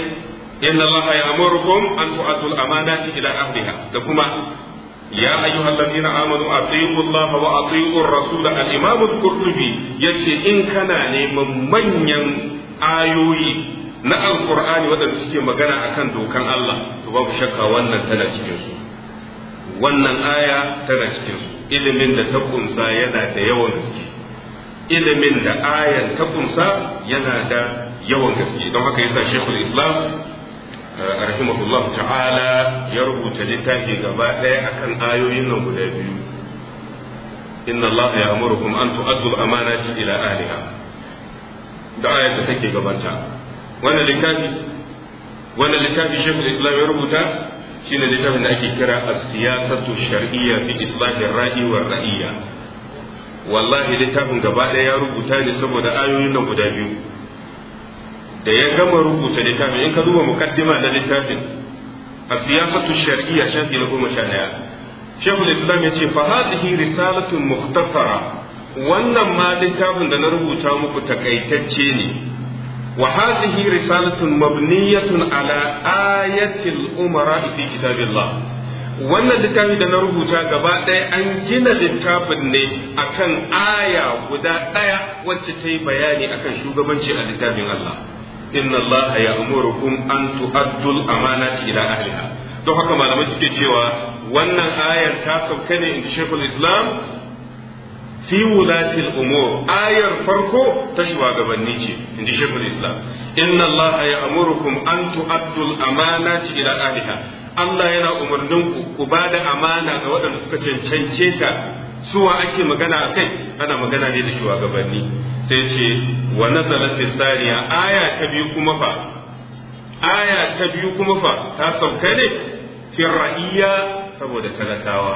inna allaha ya'murukum an tu'addul amanati ila ahliha da kuma يا أيها الذين آمنوا أطيعوا الله وأطيعوا الرسول الإمام القرطبي يتي إن كان من من آيوي na alkur'ani waɗanda suke magana akan dokan Allah su babu shakka wannan tana cikinsu. wannan aya tana cikinsu. ilimin da ta kunsa yana da yawan gaske ilimin da ayan ta kunsa yana da yawan gaske don haka yasa shekul islam eh, rahimahullahu ta'ala ya rubuta littafi gaba ɗaya akan ayoyin nan guda biyu inna allaha ya'murukum an tu'addu al-amanati ila ahliha da ayat da take gabata wannan littafi wannan littafi shekul islam ya rubuta shi ne littafin da ake kira as-siyasatu shar'iyya fi islahi ra'i wa ra'iyya wallahi littafin gaba ɗaya ya rubuta ne saboda ayoyin nan guda biyu da ya gama rubuta littafin in ka duba mukaddima na littafin as-siyasatu shar'iyya shafi na goma sha ɗaya shekul islam ya ce fa hadhihi risalatun mukhtasara wannan ma littafin da na rubuta muku takaitacce ne وهذه رسالة مبنية على آية الأمراء في كتاب الله wannan littafi da na rubuta gaba ɗaya an gina littafin ne akan aya guda ɗaya wacce ta yi bayani akan shugabanci a littafin Allah inna Allah ya amurukum an tu'addul amanati ila ahliha don haka malamai suke cewa wannan ayar ta sauka ne inda Sheikhul Islam fi wulatil umur ayar farko ta shugabanni ce in ji shekul islam inna allah ya amurukum an tu'addul amanati ila ahliha allah yana umarnin ku ku ba da amana ga waɗanda suka cancance ta suwa ake magana a kai ana magana ne da shugabanni sai ce wa nazalat tsariya aya ta biyu kuma fa aya ta biyu kuma fa ta sauka ne fi ra'iya saboda talakawa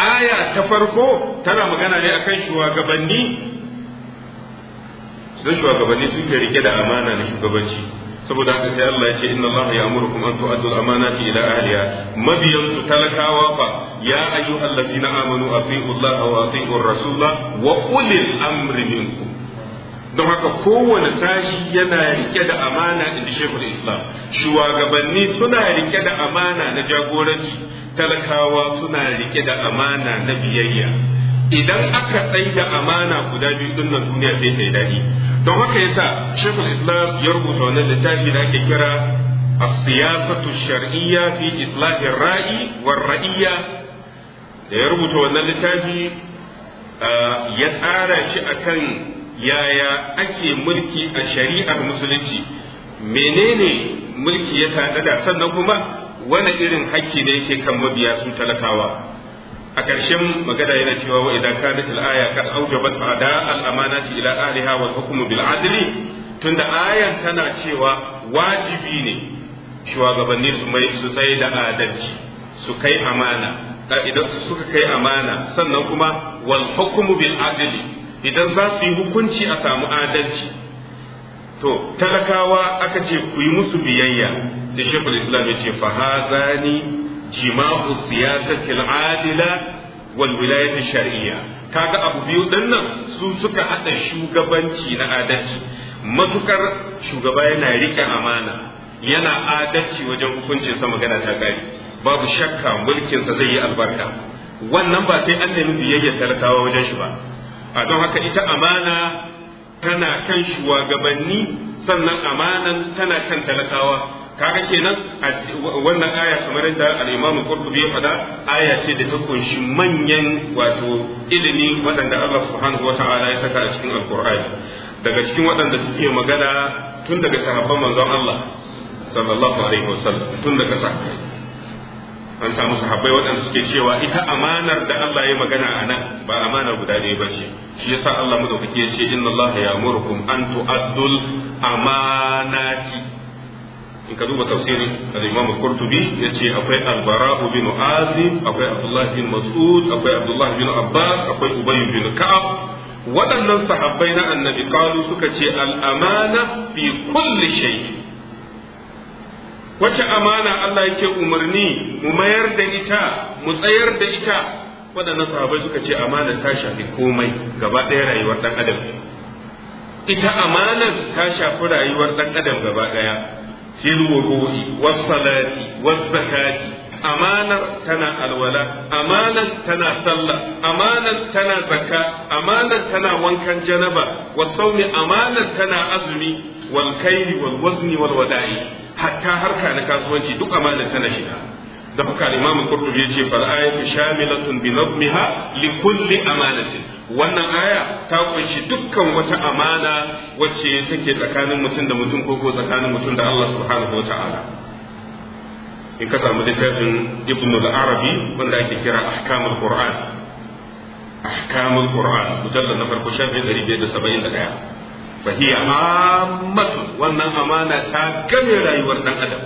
aya ta farko tana magana ne akan shugabanni Sai shugabanni ke rike da amana na shugabanci saboda haka sai Allah ya ce inna Allah ya amurukum an tu'addu al-amanati ila ahliha mabiyan su talakawa fa ya ayu ladina amanu atiu Allah wa atiu ar-rasula wa ulil amri minkum don haka kowane sashi yana rike da amana inda shekul islam shugabanni suna rike da amana na jagoranci talakawa suna rike da amana na biyayya idan aka tsaida amana guda biyu din nan duniya sai ta yi daɗi don haka yasa shekul islam ya rubuta wannan littafi da ake kira السياسة fi في ra'i الرأي ra'iyya. da ya rubuta wannan littafi ya tsara shi akan yaya ake mulki a shari'ar musulunci menene mulki ya da sannan kuma wani irin hakki da yake kan mabiya su talakawa a ƙarshen magana yana cewa wa idan kanat al-aya kad awjabat da al'amana amanati ila aliha wa hukumu bil adli tunda ayan tana cewa wajibi ne shugabanni su mai su sai da adalci su kai amana idan suka kai amana sannan kuma wal hukumu bil adli idan za su yi hukunci a samu adalci to talakawa aka ce ku yi musu biyayya sai shekul islam ya ce fa hazani jima'u siyasati al-adila wal wilayati shar'iyya kaga abu biyu dinnan su suka hada shugabanci na adalci matukar shugaba yana rike amana yana adalci wajen hukuncin sa magana ta kare babu shakka mulkin sa zai yi albarka wannan ba sai an nemi biyayya talakawa wajen shi ba a don haka ita amana tana kan shugabanni sannan amanan tana kan talakawa kaga kenan wannan aya kamar yadda al-Imam Qurtubi ya faɗa aya ce da ta kunshi manyan wato ilimi waɗanda Allah subhanahu wata'ala ya saka a cikin Al-Qur'ani daga cikin waɗanda suke magana tun daga sahabban manzon Allah sallallahu alaihi wasallam tun daga sahabban an samu sahabbai waɗanda suke cewa ita amanar da Allah ya magana a nan ba amana guda ne ba ce shi yasa Allah madaukake ya ce inna Allah ya'murukum an tu'addul amanati in ka duba tafsirin al-Imam Qurtubi yace akwai al-Bara'u bin Azib akwai Abdullah bin Mas'ud akwai Abdullah bin Abbas akwai Ubay bin Ka'ab waɗannan sahabbai na annabi kalu suka ce al-amana fi kulli shay'in wace amana Allah yake umarni mu mayar da ita mu tsayar da ita waɗannan sahabbai suka ce amana ta shafi komai gaba ɗaya rayuwar ɗan adam ita amanar ta shafi rayuwar ɗan adam gaba ɗaya fil wudu'i wassalati salati was amanar tana alwala amanar tana sallah amanar tana zakka amanar tana wankan janaba was sawmi amanar tana azumi wal kaili wal wazni wal wada'i hatta harka na kasuwanci duk amana tana shiga da haka Imam Qurtubi yace fal ayatu shamilatun bi nadmiha li kulli amanatin wannan aya ta kunshi dukkan wata amana wacce take tsakanin mutum da mutum ko tsakanin mutum da Allah subhanahu wa ta'ala in ka samu littafin Ibn al-Arabi wanda ake kira Ahkamul Qur'an Ahkamul Qur'an mujallal na farko shafin 571 fahiya ammatun wannan amana ta game rayuwar dan adam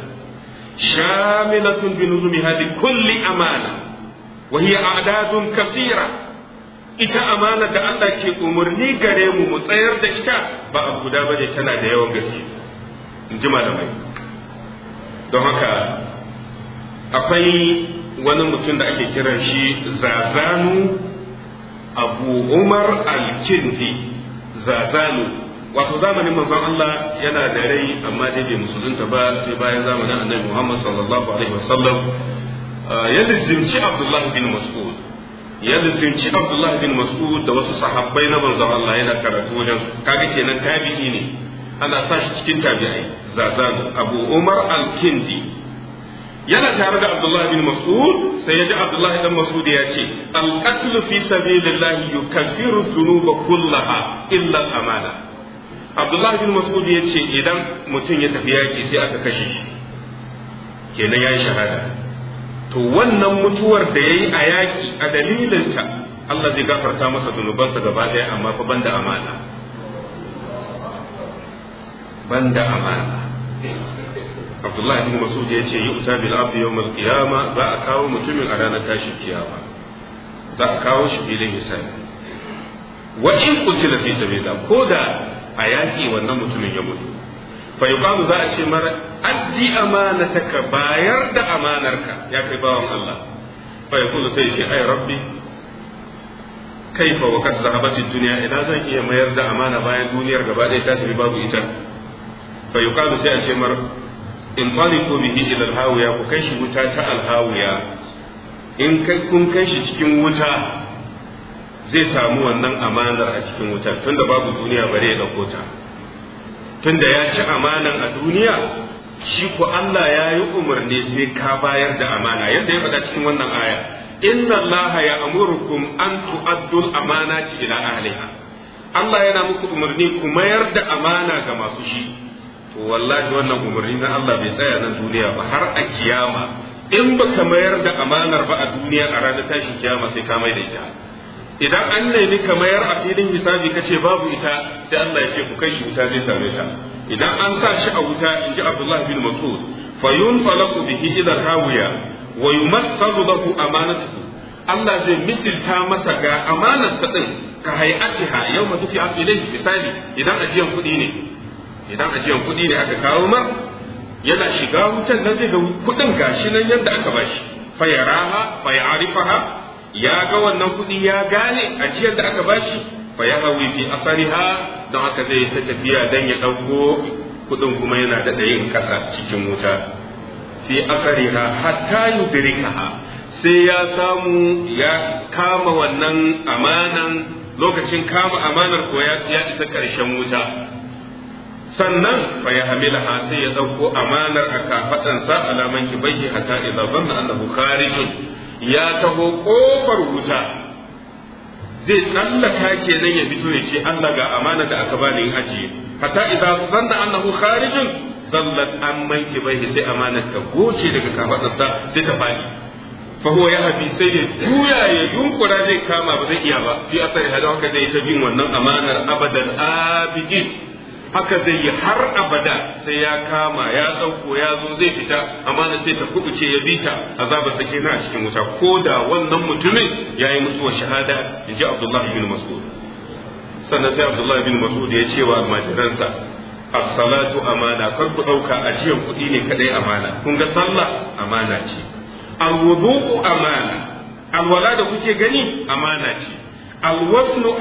shamilatun bi nuzumiha li kulli amana wa a'dadun ita amana da Allah ke umarni gare mu mu tsayar da ita ba a guda ba ne tana da yawan gaske in ji malamai don haka akwai wani mutum da ake kiran shi zazanu abu umar al-kindi zazanu wato zamanin manzon Allah yana da rai amma dai bai musulunta ba sai bayan zamanin annabi Muhammad sallallahu alaihi wasallam ah, ya lizinci Abdullah bin Mas'ud ya lizinci Abdullah bin Mas'ud da wasu sahabbai na manzon Allah yana karatu wajen kaga kenan tabi'i ne ana sa shi cikin tabi'ai zazan Abu Umar al-Kindi yana tare da Abdullah bin Mas'ud sai ya ji Abdullah bin Mas'ud ya ce al-qatlu fi sabilillah yukaffiru dhunuba kullaha illa al-amana abdullahi bin mas'ud ya ce idan mutum ya tafi yaki sai aka kashe shi kenan ya yi shahada to wannan mutuwar da ya yi a yaki a dalilinta Allah zai gafarta masa zunubansa gaba ɗaya amma fa banda amana banda amana Abdullahi bin Mas'ud ya ce yu'ta bil afi yawmal qiyama za a kawo mutumin a ranar tashin kiyama za a kawo shi filin hisabi wa in qutila fi sabilillah ko da a yaki wannan mutumin ya mutu fa yuqalu za a ce mara addi ka bayar da amanarka ya kai bawan Allah fa yaqulu sai ce ai rabbi kaifa wa kad zahabat dunya ina zan iya mayar da amana bayan duniyar gaba ɗaya ta tafi babu ita fa yuqalu sai a ce mara in taliqu bihi ila ku kai shi wuta ta alhawuya in kai kun kai shi cikin wuta zai samu wannan amanar a cikin wutar tunda babu duniya bare ya dauko ta tunda ya ci amanan a duniya shi ko Allah ya yi umarni sai ka bayar da amana yadda ya faɗa cikin wannan aya inna Allah ya amurukum an tu'addu al-amanati ila ahliha Allah yana muku umarni ku mayar da amana ga masu shi to wallahi wannan umarni na Allah bai tsaya nan duniya ba har a kiyama in baka mayar da amanar ba a duniya a ranar tashin kiyama sai ka mai da ita idan an nemi ka mayar a filin hisabi ka ce babu ita sai Allah ya ce ku kai shi wuta zai same ta idan an sa shi a wuta in ji Abdullah bin Mas'ud fa yunfalaqu bihi ila hawiya wa yumassalu lahu amanatuhu Allah zai misilta masa ga amanar ta din ka hayatiha yau ma dufi afilin misali idan ajiyan kuɗi ne idan ajiyan kuɗi ne aka kawo mar yana shiga wutan nan zai ga kuɗin gashi nan yadda aka bashi fa yaraha fa ya'rifaha ya ga wannan kuɗi ya gane a ajiyar da aka bashi fa ya hawi fi asariha don haka zai ta tafiya dan ya ɗauko kuɗin kuma yana da yin ƙasa cikin wuta fi asariha hatta yudrikaha sai ya samu ya kama wannan amanan lokacin kama amanar ko ya isa ƙarshen wuta sannan fa ya hamila ha sai ya ɗauko amanar a kafaɗansa alaman kibaihi hatta idan zanna annahu kharijun ya taho kofar wuta zai tsallaka kenan ya fito ya ce Allah ga amana da aka bani in ajiye hatta zan da annahu kharijun zallat an manke bai sai amanar ta goce daga kafatarsa sai ta fadi fa huwa ya habi sai ya juya ya yunkura zai kama ba zai iya ba fi asari hada haka zai ta bin wannan amanar abadan abidin haka zai yi har abada sai ya kama ya sauko ya zo zai fita amana sai ta kubuce ya bita azaba sake na a cikin wuta ko da wannan mutumin ya yi mutuwa shahada in ji abdullahi bin mas'ud sannan sai abdullahi bin mas'ud ya ce wa almajiransa as-salatu amana kar ku dauka ajiyar kuɗi ne kadai amana kun ga sallah amana ce al amana alwala da kuke gani amana ce al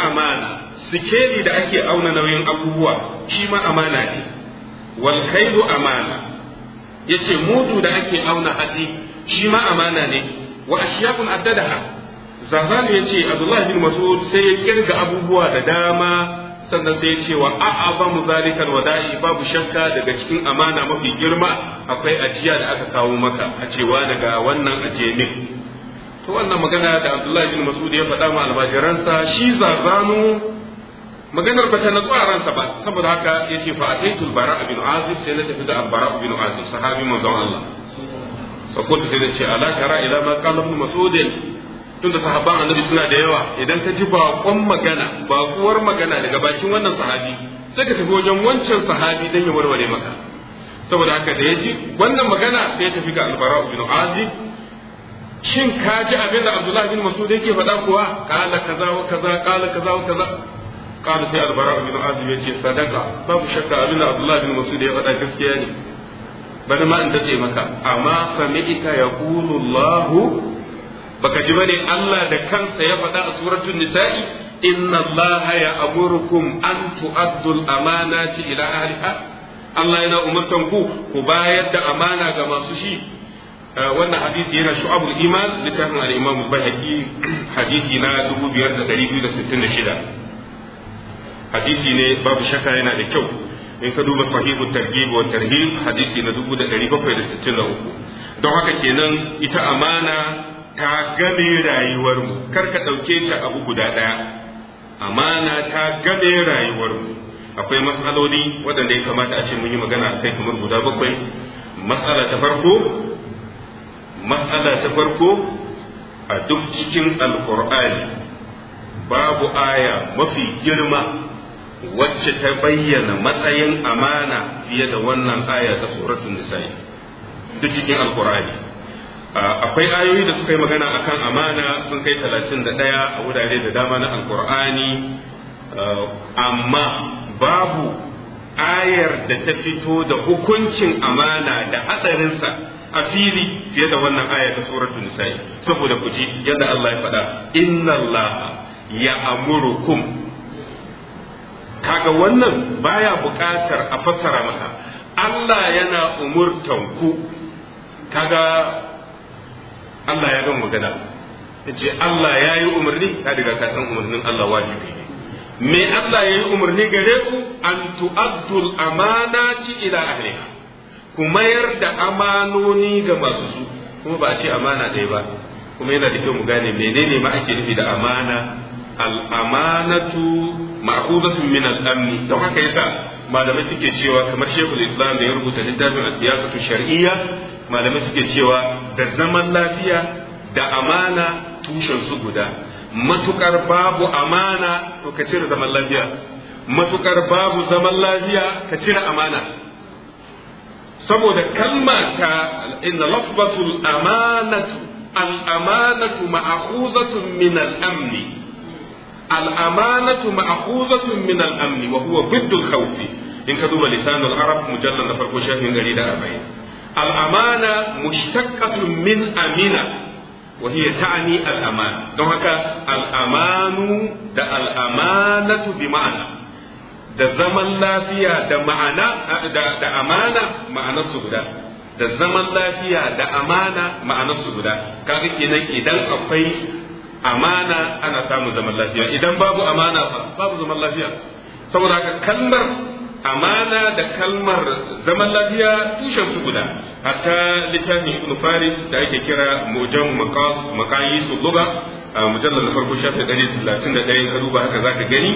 amana sikeli da ake auna nauyin abubuwa shi ma amana ne wal kaidu amana yace mudu da ake auna hadi shi ma amana ne wa ashyaqun addadaha zazan yace abdullahi bin mas'ud sai ya kirga abubuwa da dama sannan sai ya ce wa a'azamu zalikal wada'i babu shakka daga cikin amana mafi girma akwai ajiya da aka kawo maka a cewa daga wannan ajiye ne to wannan magana da abdullahi bin mas'ud ya faɗa ma almajiransa shi zazanu maganar ba ta natsu a ransa ba saboda haka yace fa ataitul bara bin azib sai na tafi da bara bin azib sahabi manzon Allah fa kuntu sai nace ala kara ila ma qala ibn mas'ud tunda sahabban annabi suna da yawa idan ka ji baƙon magana baƙuwar magana daga bakin wannan sahabi sai ka tafi wajen wancan sahabi dan ya warware maka saboda haka da ya ji wannan magana sai ya tafi ga albara bin azib shin ka ji abin da abdullahi bin mas'ud yake faɗa kuwa kala kaza wa kaza kala kaza wa kaza قال سي البراء بن عازب يجي صدقه باب شك ابن عبد الله بن مسعود يا فدا gaskiya ne bari ma in tace maka amma sami'ta yaqulu Allah baka ji bane Allah da kansa ya faɗa a suratul nisa'i inna Allah ya amurkum an tu'addu al-amanati ila ahliha Allah yana umurtan ku ku bayar da amana ga masu shi wannan hadisi yana shu'abul iman littafin al-Imam al-Baihaqi hadisi na 2266 hadisi ne babu shakka yana da kyau in ka duba sahihu targhib wa tarhib hadisi na 1763 don haka kenan ita amana ta game rayuwar mu kar ka dauke ta abu guda daya amana ta game rayuwar mu akwai matsaloli waɗanda ya kamata a ce mun yi magana sai kamar guda bakwai matsala ta farko matsala ta farko a duk cikin alkur'ani babu aya mafi girma wacce ta bayyana matsayin amana fiye da wannan aya ta suratul nisa'i duk cikin alqur'ani akwai ayoyi da suka yi magana akan amana sun kai 31 a wurare da dama na alqur'ani amma babu ayar da ta fito da hukuncin amana da hatsarinsa a fili fiye da wannan aya ta suratul nisa'i saboda ku ji yadda Allah ya faɗa inna Allah ya amurukum kaga wannan baya buƙatar a fassara maka, Allah yana umurtan ku kaga Allah ya gan magana yace Allah ya yi umarni ka daga ka san umarnin Allah wajibi ne me Allah ya yi umarni gare ku an al amanati ila ahliha ku mayar da amanoni ga masu su kuma ba a ce amana ɗaya ba kuma yana da kyau mu gane menene ma ake nufi da amana al'amanatu ma'khuzatun min al'amni. amn haka haka sa malamai suke cewa kamar shekul islam da ya rubuta littafin siyasatu shar'iyya malamai suke cewa da zaman lafiya da amana tushen su guda matukar babu amana to ka cire zaman lafiya matukar babu zaman lafiya ka cire amana saboda kalma ta inna lafzatul amanatu al amanatu ma'khuzatun min al-amn الأمانة مأخوذة من الأمن وهو ضد الخوف إن كذب لسان العرب مجلد نفر شاهد غريد أربعين الأمانة مشتقة من أمينة وهي تعني الأمان كما الأمان دا الأمانة بمعنى da zaman lafiya da ma'ana da دا, ma'anar su guda da zaman lafiya da amana ma'anar su guda kaga kenan idan akwai amana ana samun zaman lafiya idan babu amana ba babu zaman lafiya saboda haka kalmar amana da kalmar zaman lafiya tushen su guda hatta littafin ibn faris da ake kira mujam maqayis lugha mujallal farko shafi 131 ka duba haka zaka gani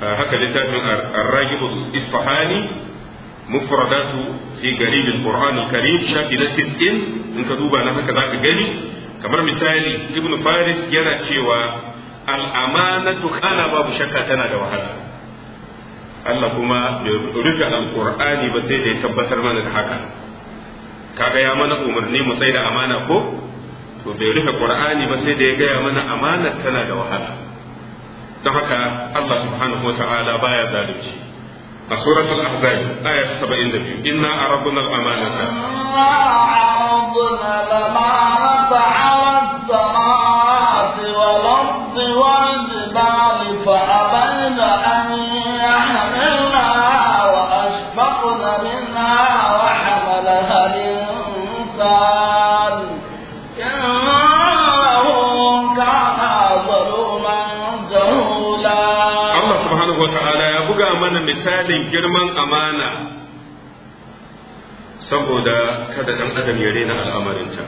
haka littafin isfahani mufradatu fi quran karim shafi 90 in ka duba na haka zaka gani kamar misali ibn faris yana cewa al'amanatu kana babu shakka tana da wahala Allah kuma bai rufe alqur'ani ba sai da ya tabbatar mana da haka kaga ya mana umarni mu sai da amana ko to bai rufe qur'ani ba sai da ya gaya mana amana tana da wahala don haka Allah subhanahu wa ta'ala baya zalunci a suratul ahzab aya 72 inna aradna al-amanata misalin girman amana saboda kada ɗan adam ya rena al'amarinta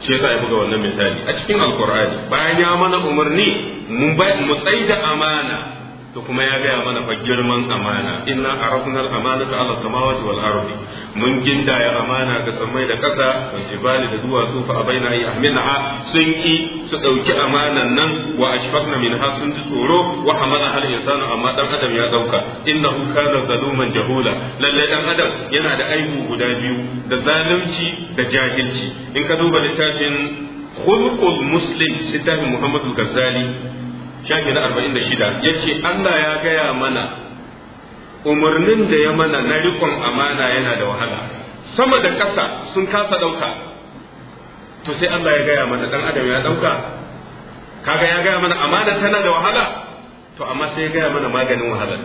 shi yasa ya buga wannan misali a cikin alkur'ani bayan ya mana umarni mu tsaida amana da kuma ya gaya mana fa girman amana inna arafna al-amanata ala samawati wal ardi mun gindaya amana ga samai da ƙasa da jibali da duwatsu fa abaina ay ahmilha sun ki su dauki amanan nan wa ashfaqna minha sun ji tsoro wa hamala hal insanu amma dan adam ya dauka innahu kana zaluman jahula lalle dan adam yana da aibu guda biyu da zalunci da jahilci in ka duba littafin khulqul muslim littafin Muhammadu ghazali shafi na arba'in da shida ya ce Allah ya gaya mana umarnin da ya mana na rikon amana yana da wahala sama da ƙasa sun kasa ɗauka to sai Allah ya gaya mana ɗan adam ya ɗauka kaga ya gaya mana amana tana da wahala to amma sai ya gaya mana maganin wahala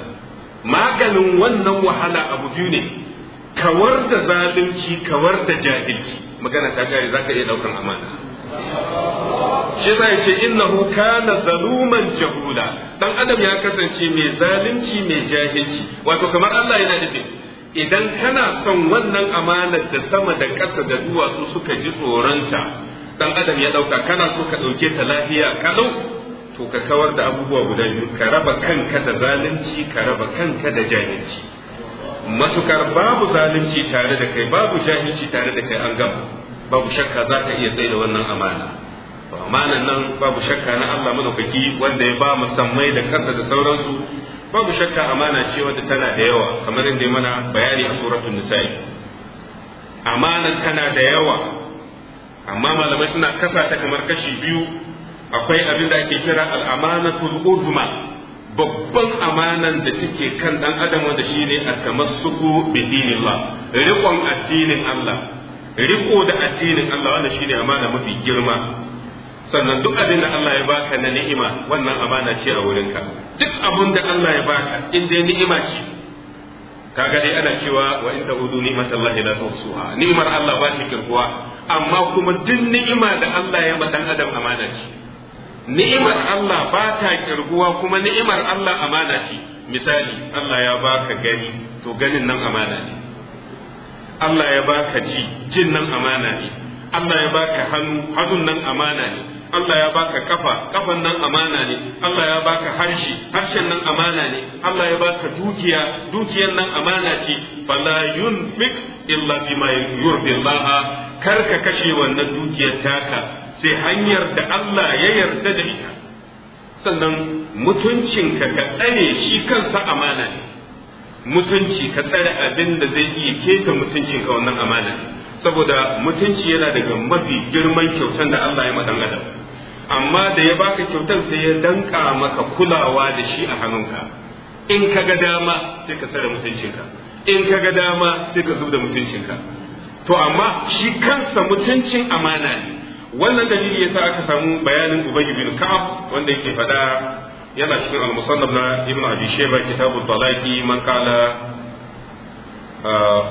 maganin wannan wahala abu biyu ne kawar da zalunci kawar da jahilci magana ta gari za ka iya ɗaukar amana shi zai ce innahu kana zaluman jahula dan adam ya kasance mai zalunci mai jahilci wato kamar Allah yana nufi idan kana son wannan amanar da sama da ƙasa da duwatsu suka ji tsoronta dan adam ya dauka kana so ka dauke ta lafiya ka dau to ka kawar da abubuwa guda biyu ka raba kanka da zalunci ka raba kanka da jahilci matukar babu zalunci tare da kai babu jahilci tare da kai an gama babu shakka za ka iya tsaye da wannan amana amanan nan babu shakka na Allah madaukaki wanda ya ba musammai da kansa da sauransu babu shakka amana ce wadda tana da yawa kamar inda mana bayani a suratul nisa'i amanan tana da yawa amma malamai suna kasa ta kamar kashi biyu akwai abin da ake kira al'amanatul udma babban amanan da take kan dan adam wanda shine at-tamassuku bi dinillah riqon addinin Allah riko da addinin Allah wanda shine amana mafi girma sannan duk abin da Allah ya baka na ni'ima wannan amana ce a wurinka duk abin da Allah ya baka in dai ni'ima ce kaga dai ana cewa wa in ta'udu ni'matallahi la tuhsuha ni'mar Allah ba shi kirkuwa amma kuma duk ni'ima da Allah ya dan adam amana ce ni'imar Allah ba ta kirguwa kuma ni'imar Allah amana ce misali Allah ya baka gani to ganin nan amana ne Allah ya baka ji jin nan amana ne Allah ya baka hannu hannun nan amana ne Allah ya baka kafa kafan nan amana ne Allah ya baka harshe harshen nan amana ne Allah ya baka dukiya dukiyan nan amana ce fala fik illa bima yurdi Allah kar ka kashe wannan dukiyar taka sai hanyar da Allah ya yarda da ita sannan mutuncinka ka tsare shi kansa amana ne mutunci ka tsare abin da zai iya keta mutuncin ka wannan amana saboda mutunci yana daga mafi girman kyautan da Allah ya madan adam amma da ya baka kyautan sai ya danka maka kulawa da shi a hannunka in ka ga dama sai ka tsare mutuncinka in ka ga dama sai ka zubda mutuncinka to amma shi kansa mutuncin amana ne wannan dalili yasa aka samu bayanin ubangiji bin ka'ab wanda yake faɗa yana cikin al na ibnu abi shayba kitabu talaqi man qala ah,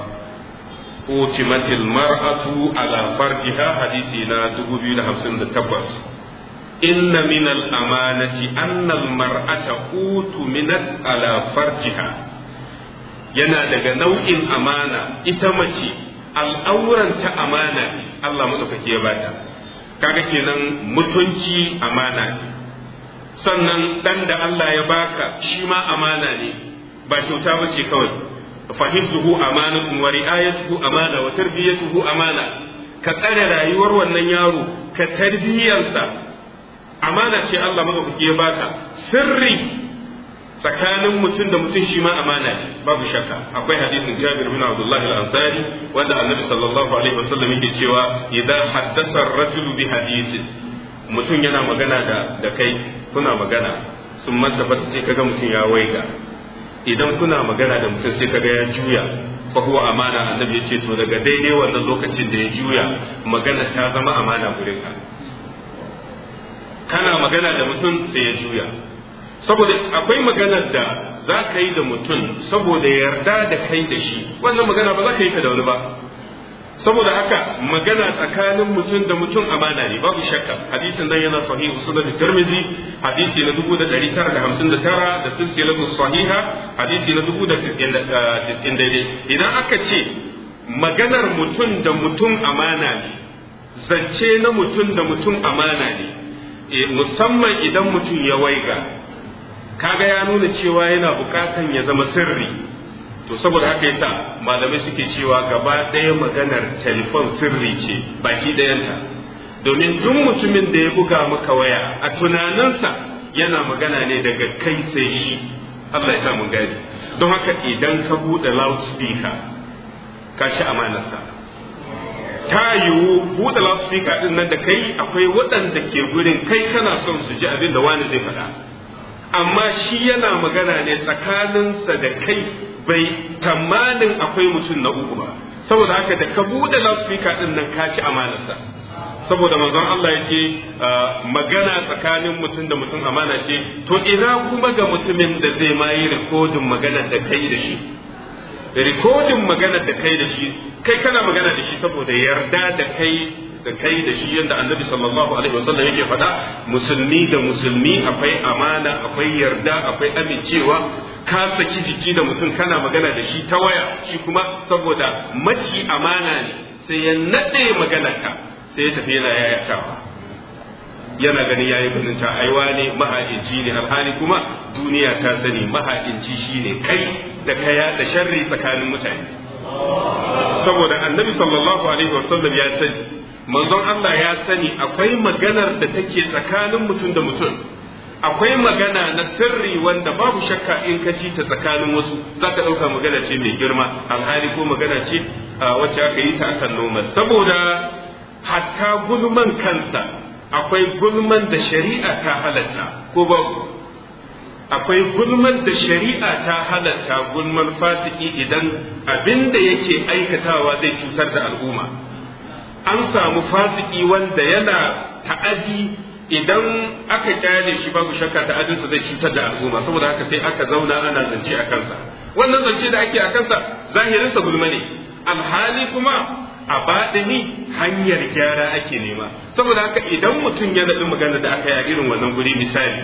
utimatil mar'atu ala farjiha hadisi na 2058 إن من الأمانة أن المرأة أوتمنت على فرجها yana daga nau'in amana ita mace al'auranta amana Allah maɗaukaki ya bata kaga kenan mutunci amana ne sannan dan da Allah ya baka shi ma amana ne ba kyauta ba ce kawai fahimtuhu amanatun wa ri'ayatuhu amana wa tarbiyatuhu amana ka tsare rayuwar wannan yaro ka tarbiyarsa amana ce Allah maka kuke ya baka sirri tsakanin mutum da mutum shi ma amana ne babu shakka akwai hadisin Jabir bin Abdullah al-Ansari wanda Annabi sallallahu alaihi wasallam yake cewa idan haddatha ar-rajulu bi hadithin mutum yana magana da da kai kuna magana sun manta fata sai kaga mutum ya waiga idan kuna magana da mutum sai kaga ya juya fa huwa amana annabi yace to daga daidai wannan lokacin da ya juya magana ta zama amana gurin ka kana magana da mutum sai ya juya saboda akwai maganar da za ka yi da mutum saboda yarda da kai da shi wannan magana ba za ka yi ta da wani ba saboda haka magana tsakanin mutum da mutum amana ne babu shakka hadisin nan yana sahihu sunan tirmidhi hadisi na 1959 da silsilatu sahiha hadisi na 1990 eh, idan aka ce maganar mutum da mutum amana ne zance na mutum da mutum amana ne eh, musamman idan mutum ya waiga kaga ya nuna cewa yana bukatan ya zama sirri to saboda haka yasa malamai suke cewa gaba ɗaya maganar telefon sirri ce baki ɗayanta domin duk mutumin da ya buga maka waya a tunaninsa yana magana ne daga kai sai shi Allah ya samu gani don haka idan ka buɗe loudspeaker ka ci amanarsa ta yiwu buɗe loudspeaker ɗin nan da kai akwai waɗanda ke gurin kai kana son su ji abin da wani zai faɗa amma shi yana magana ne tsakaninsa da kai bai tamanin akwai mutum na uku ba saboda haka da ka bude loudspeaker din nan ka ci amanarsa saboda manzon Allah yake ah, magana tsakanin mutum da mutum amana ce to ina kuma ga mutumin da zai ma yi rikodin magana da kai da shi rikodin magana da kai da shi kai kana magana da shi saboda yarda da kai da kai da shi yadda annabi sallallahu alaihi wasallam yake faɗa musulmi da musulmi akwai amana akwai yarda akwai amincewa ka saki jiki da mutum kana magana da shi ta waya shi kuma saboda maci amana ne sai ya magana maganarka sai ya tafi yana yayatawa yana gani yayi gudunta aiwa ne maha'inci ne alhali kuma duniya ta sani maha'inci shine kai da kaya da sharri tsakanin mutane saboda annabi sallallahu alaihi wasallam ya sani manzon Allah ya sani akwai maganar da take tsakanin mutum da mutum akwai magana na sirri wanda babu shakka in ka ci ta tsakanin wasu za ka ɗauka magana ce mai girma alhali ko magana ce wacce aka yi ta akan noma saboda hatta gulman kansa akwai gulman da shari'a ta halatta ko babu akwai gulman da shari'a ta halatta gulman fasiki idan abin da yake aikatawa zai cutar da al'umma an samu fasiki wanda yana ta'adi idan aka kyale shi babu shakka ta'adinsa zai cutar da al'umma saboda haka sai aka zauna ana zance a kansa wannan zance da ake a kansa zahirinsa gulma ne alhali kuma a baɗini hanyar gyara ake nema saboda haka idan mutum ya naɗi magana da aka yi irin wannan guri misali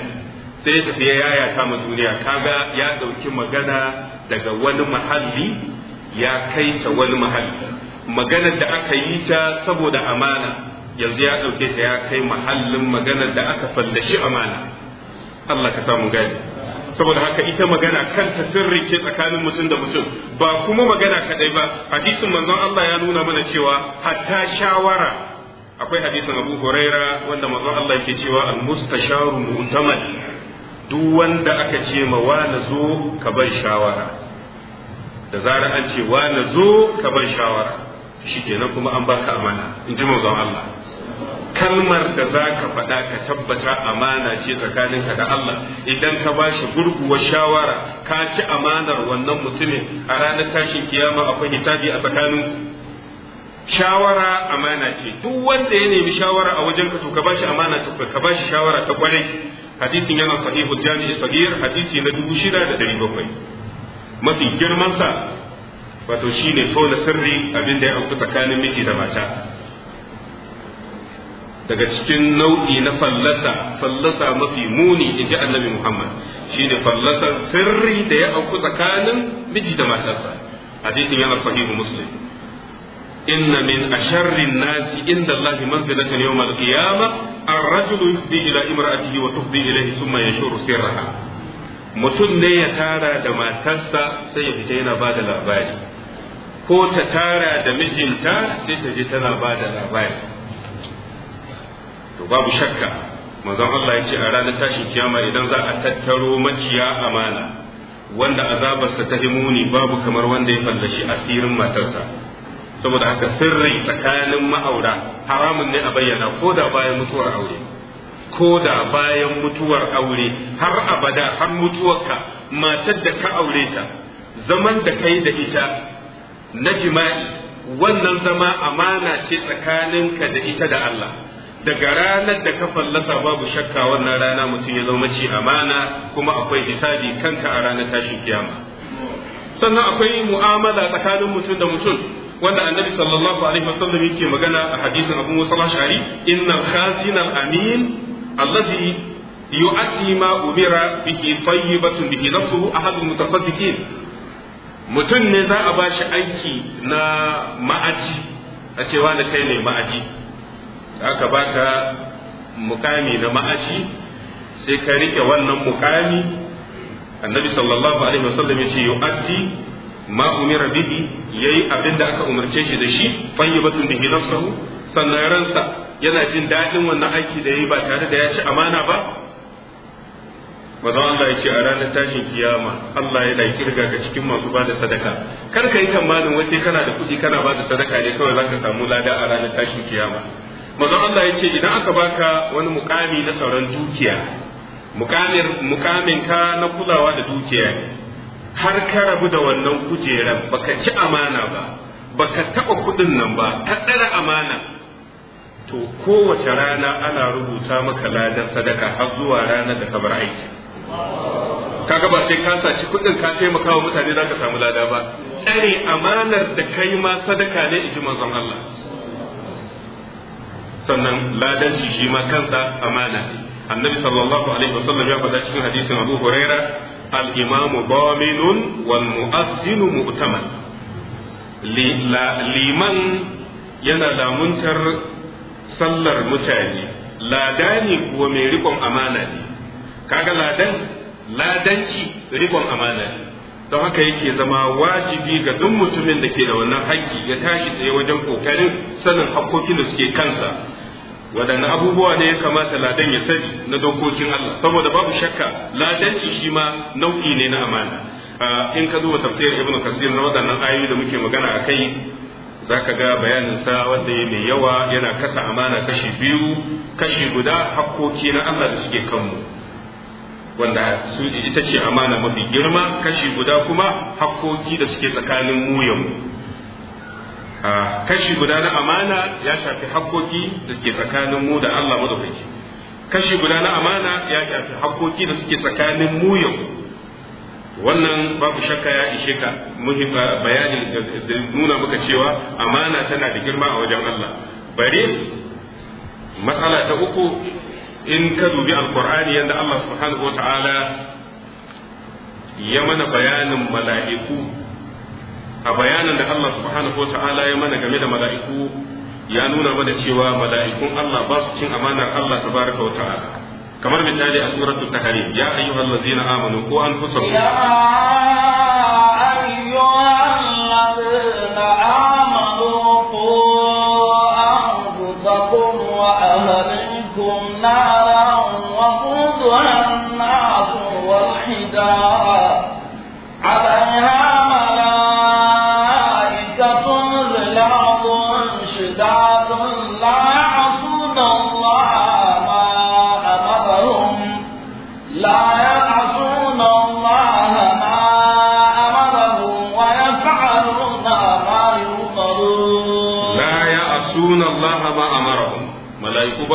sai ya tafi ya yaya ta ma duniya kaga ya ɗauki magana daga wani mahalli ya kai ta wani mahalli maganar da aka yi ta saboda amana yanzu ya ɗauke ta ya kai mahallin maganar da aka fallashi amana Allah ka samu gani saboda haka ita magana kanta sirri ce tsakanin mutum da mutum ba kuma magana kadai ba hadisin manzon Allah ya nuna mana cewa hatta shawara akwai hadisin Abu Huraira wanda manzon Allah yake cewa al-mustasharu mu'tamad duk wanda aka ce ma wani zo ka bar shawara da zarar an ce wani zo ka bar shawara shikenan kuma an baka amana in ji mazan Allah kalmar da za ka faɗa ka tabbata amana ce tsakaninka da Allah idan ka ba shi gurguwar shawara ka ci amanar wannan mutumin a ranar tashin kiyama akwai hitabi a tsakanin shawara amana ce duk wanda ya nemi shawara a wajen ka to ka bashi amana ta ka bashi shawara ta kwarai hadisin yana sahihu jami'i sagir hadisi na 6700 mafi girman sa wato ne tona sirri abin da ya auku tsakanin miji da mata daga cikin nau'i na fallasa fallasa mafi muni in ji annabi muhammad ne fallasa sirri da ya auku tsakanin miji da matarsa hadisin yana sahihu muslim inna min asharrin nasi inda allahi manzilatan yawm al-qiyamah ar-rajulu yufdi ila imra'atihi wa tufdi ilayhi thumma yanshuru sirraha mutum ne ya tara da matarsa sai ya fita yana ba da labari ko ta tara da mijinta sai ta je tana ba da labari to babu shakka manzon Allah ya ce a ranar tashin kiyama idan za a tattaro maciya amana wanda azabarsa ta himuni babu kamar wanda ya fallashi asirin matarsa saboda haka sirri tsakanin ma'aura haramun ne a bayyana ko da bayan mutuwar aure ko da bayan mutuwar aure har abada har mutuwarka matar da ka aure ta zaman da kai da ita na jima'i wannan zama amana ce tsakaninka da ita da Allah daga ranar da ka fallasa babu shakka wannan rana mutum ya zama ci amana kuma akwai hisabi kanka a ranar tashin kiyama sannan akwai mu'amala tsakanin mutum da mutum wanda annabi sallallahu alaihi wasallam yake magana a hadisin Abu Musa al-Ash'ari innal khazina al-amin allazi yu'addi ma umira bihi tayyibatun bihi nafsuhu ahadul mutasaddiqin mutum ne za a ba shi aiki na ma'aji a cewa da kai ne ma'aji aka baka mukami na ma'aji sai ka rike wannan mukami annabi sallallahu alaihi wasallam yace yu'addi ma umira bihi yayi abinda aka umarce shi da shi fayyibatun bihi nafsuhu sannan ransa yana jin daɗin wannan aiki da yayi ba tare da ya ci amana ba mazan Allah ya ce a ranar tashin kiyama Allah yana kirga ga cikin masu bada sadaka kar ka yi tamanin wace kana da kuɗi kana bada sadaka ne kawai zaka samu lada a ranar tashin kiyama mazan Allah ya ce idan aka baka wani mukami na sauran dukiya mukamin ka na kulawa da dukiya har ka rabu da wannan kujeran baka ci amana ba baka taɓa kuɗin nan ba ka ɗara amana to kowace rana ana rubuta maka ladan sadaka har zuwa ranar da ka bar aiki kaga ba sai ka saci kudin ka taimaka wa mutane ka samu lada ba tsare amanar da kai ma sadaka ne iji manzon Allah sannan ladanci shi ma kansa amana annabi sallallahu alaihi wasallam ya faɗa cikin hadisin Abu Huraira al-imam daminun wal mu'azzin mu'taman liman yana lamuntar sallar mutane ladani kuwa mai rikon amana ne kaga ladan ladanci rikon amana don haka yake zama wajibi ga duk mutumin da ke da wannan haƙƙi ya tashi tsaye wajen kokarin sanin haƙƙokin da suke kansa waɗanne abubuwa ne ya kamata ladan ya sani na dokokin Allah saboda babu shakka ladanci shi ma nau'i ne na amana in ka duba tafsirin ibnu kasir na waɗannan ayoyi da muke magana a kai za ka ga sa wanda ya mai yawa yana kasa amana kashi biyu kashi guda hakkoki na Allah da suke kanmu wanda su ita ce amana mafi girma kashi guda kuma hakkoki da suke tsakanin mu yau ah, kashi guda na amana ya shafi hakkoki da suke tsakanin mu da Allah madaukaki kashi guda na amana ya shafi hakkoki da suke tsakanin mu yau wannan babu shakka ya ishe ka muhim bayanin da nuna muka cewa amana tana da girma a wajen Allah bare matsala ta uku in ka dubi alkur'ani yadda Allah subhanahu wa ta'ala ya mana bayanin mala'iku a bayanin da Allah subhanahu wa ta'ala ya mana game da mala'iku ya nuna mana cewa mala'ikun Allah ba su cin amanar Allah tabaraka wa ta'ala kamar misali a suratul tahrim ya ayyuhal ladzina amanu ku anfusakum ya ayyuhal ladzina amanu ku anfusakum wa ahlikum nar ba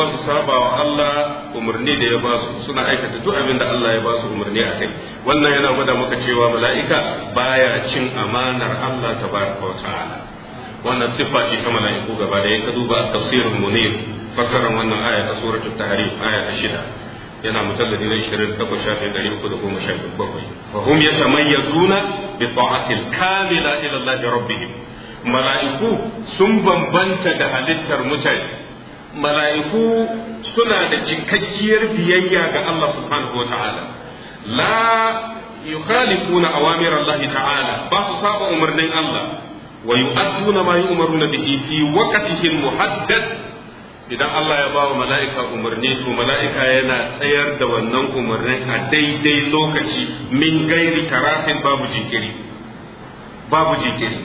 su saba wa Allah umarni da ya ba su suna aikata duk abin da Allah ya ba su umarni a kai wannan yana gwada maka cewa mala'ika baya cin amanar Allah tabaraka wa ta'ala wannan siffa ce ta mala'iku gaba da ka duba tafsirin munir fasaran wannan aya ta suratul tahrim aya ta shida yana mujalladi na 28 shafi bakwai. fa hum yatamayyazuna bi ta'atil kamila ila Allah rabbihim mala'iku sun bambanta da halittar mutane mala'iku suna da cikakkiyar biyayya ga Allah subhanahu wa ta'ala la yukhalifuna awamir Allah ta'ala ba su saba umarnin Allah wa yu'adduna ma na biki fi waqtihi muhaddad idan Allah ya ba mala'ika umarni to mala'ika yana tsayar da wannan umarnin a daidai lokaci min gairi tarafin babu jinkiri babu jinkiri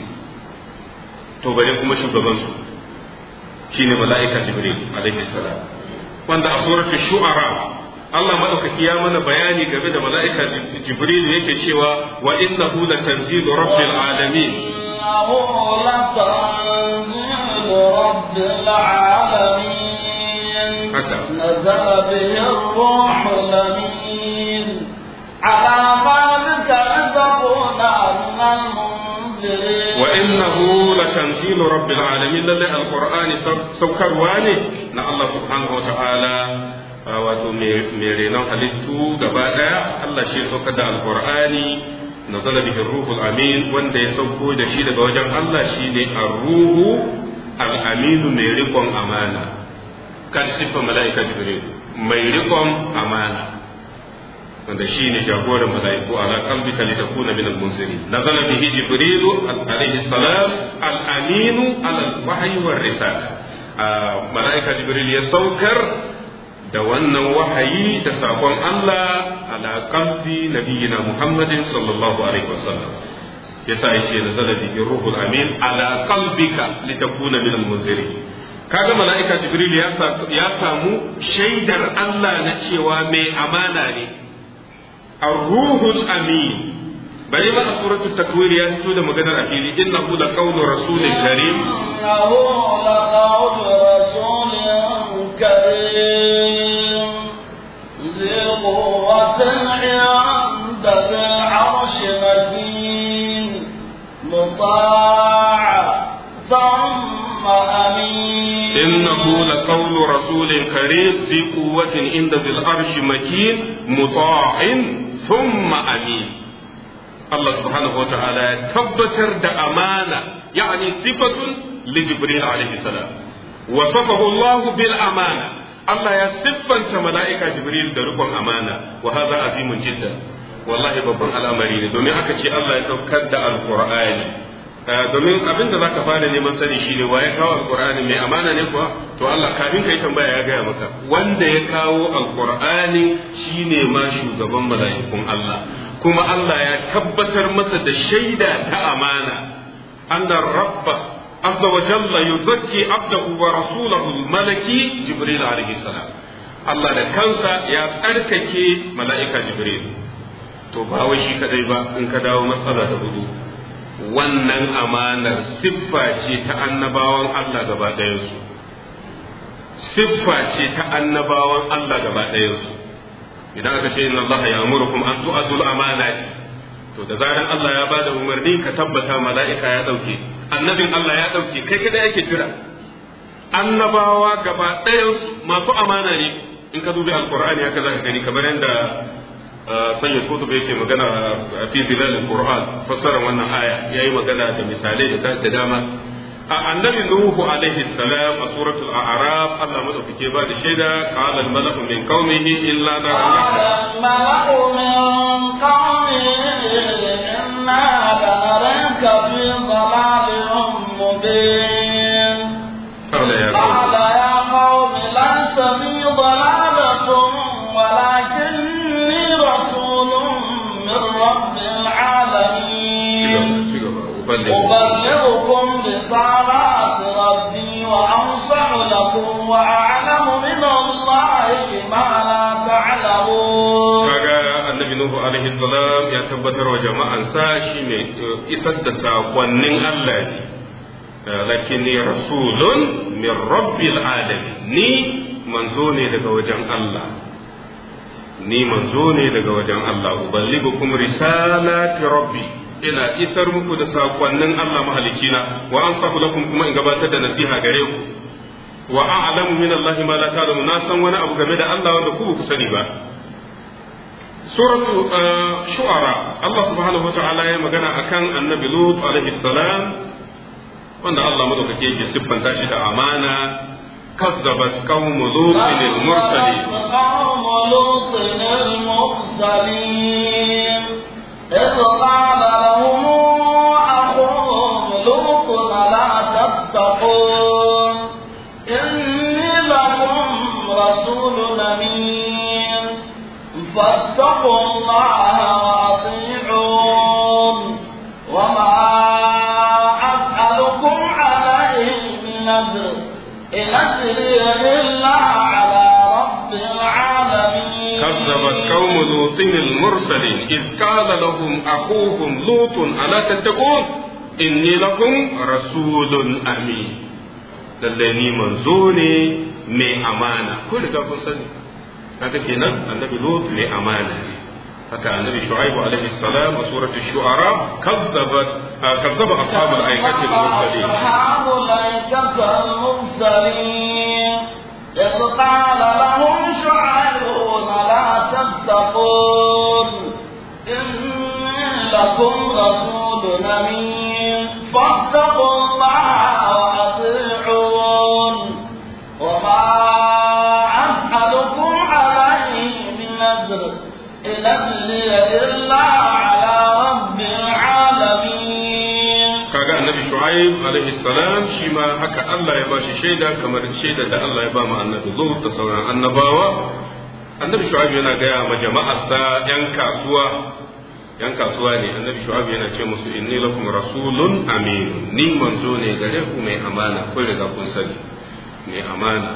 to bare kuma shugabansu shine mala'ika jibril alaihi salam wanda a suratul shu'ara Allah madaukaki ya mana bayani game da mala'ika jibril yake cewa wa innahu latanzilu rabbil alamin haka نزل به الروح الأمين على ما ذكرتكم من wa innahu latanzilu rabbil alamin lalle alqur'ani saukarwa ne na Allah subhanahu wa ta'ala wato mai renon halittu gaba daya Allah shi saukar da alqur'ani nazala bihi ruhul amin wanda ya sauko da daga wajen Allah shine ar-ruhu al-amin mai rikon amana mala'ika jibril mai rikon amana wanda shi ne jagoran mala'iku ala ta kuna min al-munzirin nazala bihi jibril alayhi salam al-aminu ala al-wahyi war risala ah, mala'ika jibril ya saukar da wannan wahayi da sakon Allah ala qalbi nabiyina muhammadin sallallahu alaihi wasallam yasa yace nazala bi ruhul amin ala qalbika litakuna min al-munzirin kaga mala'ika jibril ya samu shaidar Allah na cewa mai amana ne الروح الامين بل ما سورة التكوير يا سيدي مجانا الاخيري انه لقول رسول كريم انه لقول رسول كريم ذي قوة عند ذي العرش مكين مطاع ثم امين انه لقول رسول كريم ذي قوة عند ذي العرش مكين مطاع thumma amin Allah subhanahu wataala ya tabbatar da amana yani sifatun li jibril alaihi salam wasafahu Allah bil amana Allah ya siffanta mala'ika jibril da rukun amana wa hadha azimun jiddan wallahi babban al'amari ne domin aka ce Allah ya saukar da alqur'ani Eh, domin abin da zaka fara neman sani shine wa ya kawo alqur'ani mai amana ne kuwa to Allah kafin kai tambaya ya gaya maka wanda ya kawo alqur'ani shine ma shugaban mala'ikun Allah kuma Allah ya tabbatar masa da shaida ta amana annar rabba azza wa jalla yuzakki abdahu wa rasulahu malaki jibril alaihi salam Allah da kansa ya tsarkake mala'ika jibril to ba wai shi kadai ba in ka dawo matsala ta gudu wannan amanar siffa ce ta annabawan Allah gaba ɗayansu siffa ce ta annabawan Allah gaba ɗayansu idan aka ce inna Allah ya amurukum an tu'adul amanati to da zaran Allah ya bada umarni ka tabbata mala'ika ya dauke annabin Allah ya dauke kai kada yake jira annabawa gaba ɗayansu masu amana ne in ka dubi alqur'ani haka zaka gani kamar yadda sayyid kutub yake magana a fi zilalin qur'an fassara wannan aya yayi magana da misalai da da dama a annabi nuhu alaihi salam a suratul a'raf Allah madaukake ba da shaida qala al malaku min qaumihi illa na malaku min qaumihi inna daraka fi dhalalin mubin qala ya qaumi lan sami dhalalan رسالات ربي وأنصح لكم وأعلم من الله ما لا تعلمون annabi Nuhu alaihi salam ya tabbatar wa jama'ansa ne eh, isar da sakonnin Allah ne eh, lakini rasulun min rabbil alamin ni manzo ne daga wajen Allah ni manzo ne daga wajen Allah uballighukum risalati rabbi ina isar muku da sakonnin Allah mahalicina wa ansahu lakum kuma in gabatar da nasiha gare ku wa a'lamu min Allah ma la ta'lamu na san wani abu game da Allah wanda ku ku sani ba suratu uh, shu'ara Allah subhanahu wa ta'ala ya magana akan annabi Lut alaihi salam wanda Allah madaukake yake siffanta shi da amana كذبت قوم لوط المرسلين قوم لوط المرسلين إذ قال لهم أخوهم لوط لا تتقون إني لكم رسول أمين فاتقوا الله وما أسألكم عليه من إن أجري إلا كذبت قوم لوط المرسلين إذ قال لهم أخوهم لوط ألا تتقون إني لكم رسول أمين لأني منزولي مي أمانة كل قبل هذا كنا النبي لوط من أمانة حتى النبي شعيب عليه السلام وصورة الشعراء كذبت آه، كذب أصحاب الأيكة المرسلين أصحاب الأيكة المرسلين إذ لهم شعيب أفلا تتقون ان لكم رسول أمين فاتقوا الله وأطيعون وما أسألكم عليه من أجر إن أجري إلا على رب العالمين كاغا النبي شعيب عليه السلام شيما هكا الله يباشي شيدا كما شيدا الله يبام النبي ظهر تصورا النباوة annabi shu'aib yana gaya ma jama'arsa yan kasuwa yan kasuwa ne annabi shu'aib yana ce musu inni lakum rasulun amin ni manzo ne gare ku mai amana kun riga kun sani mai amana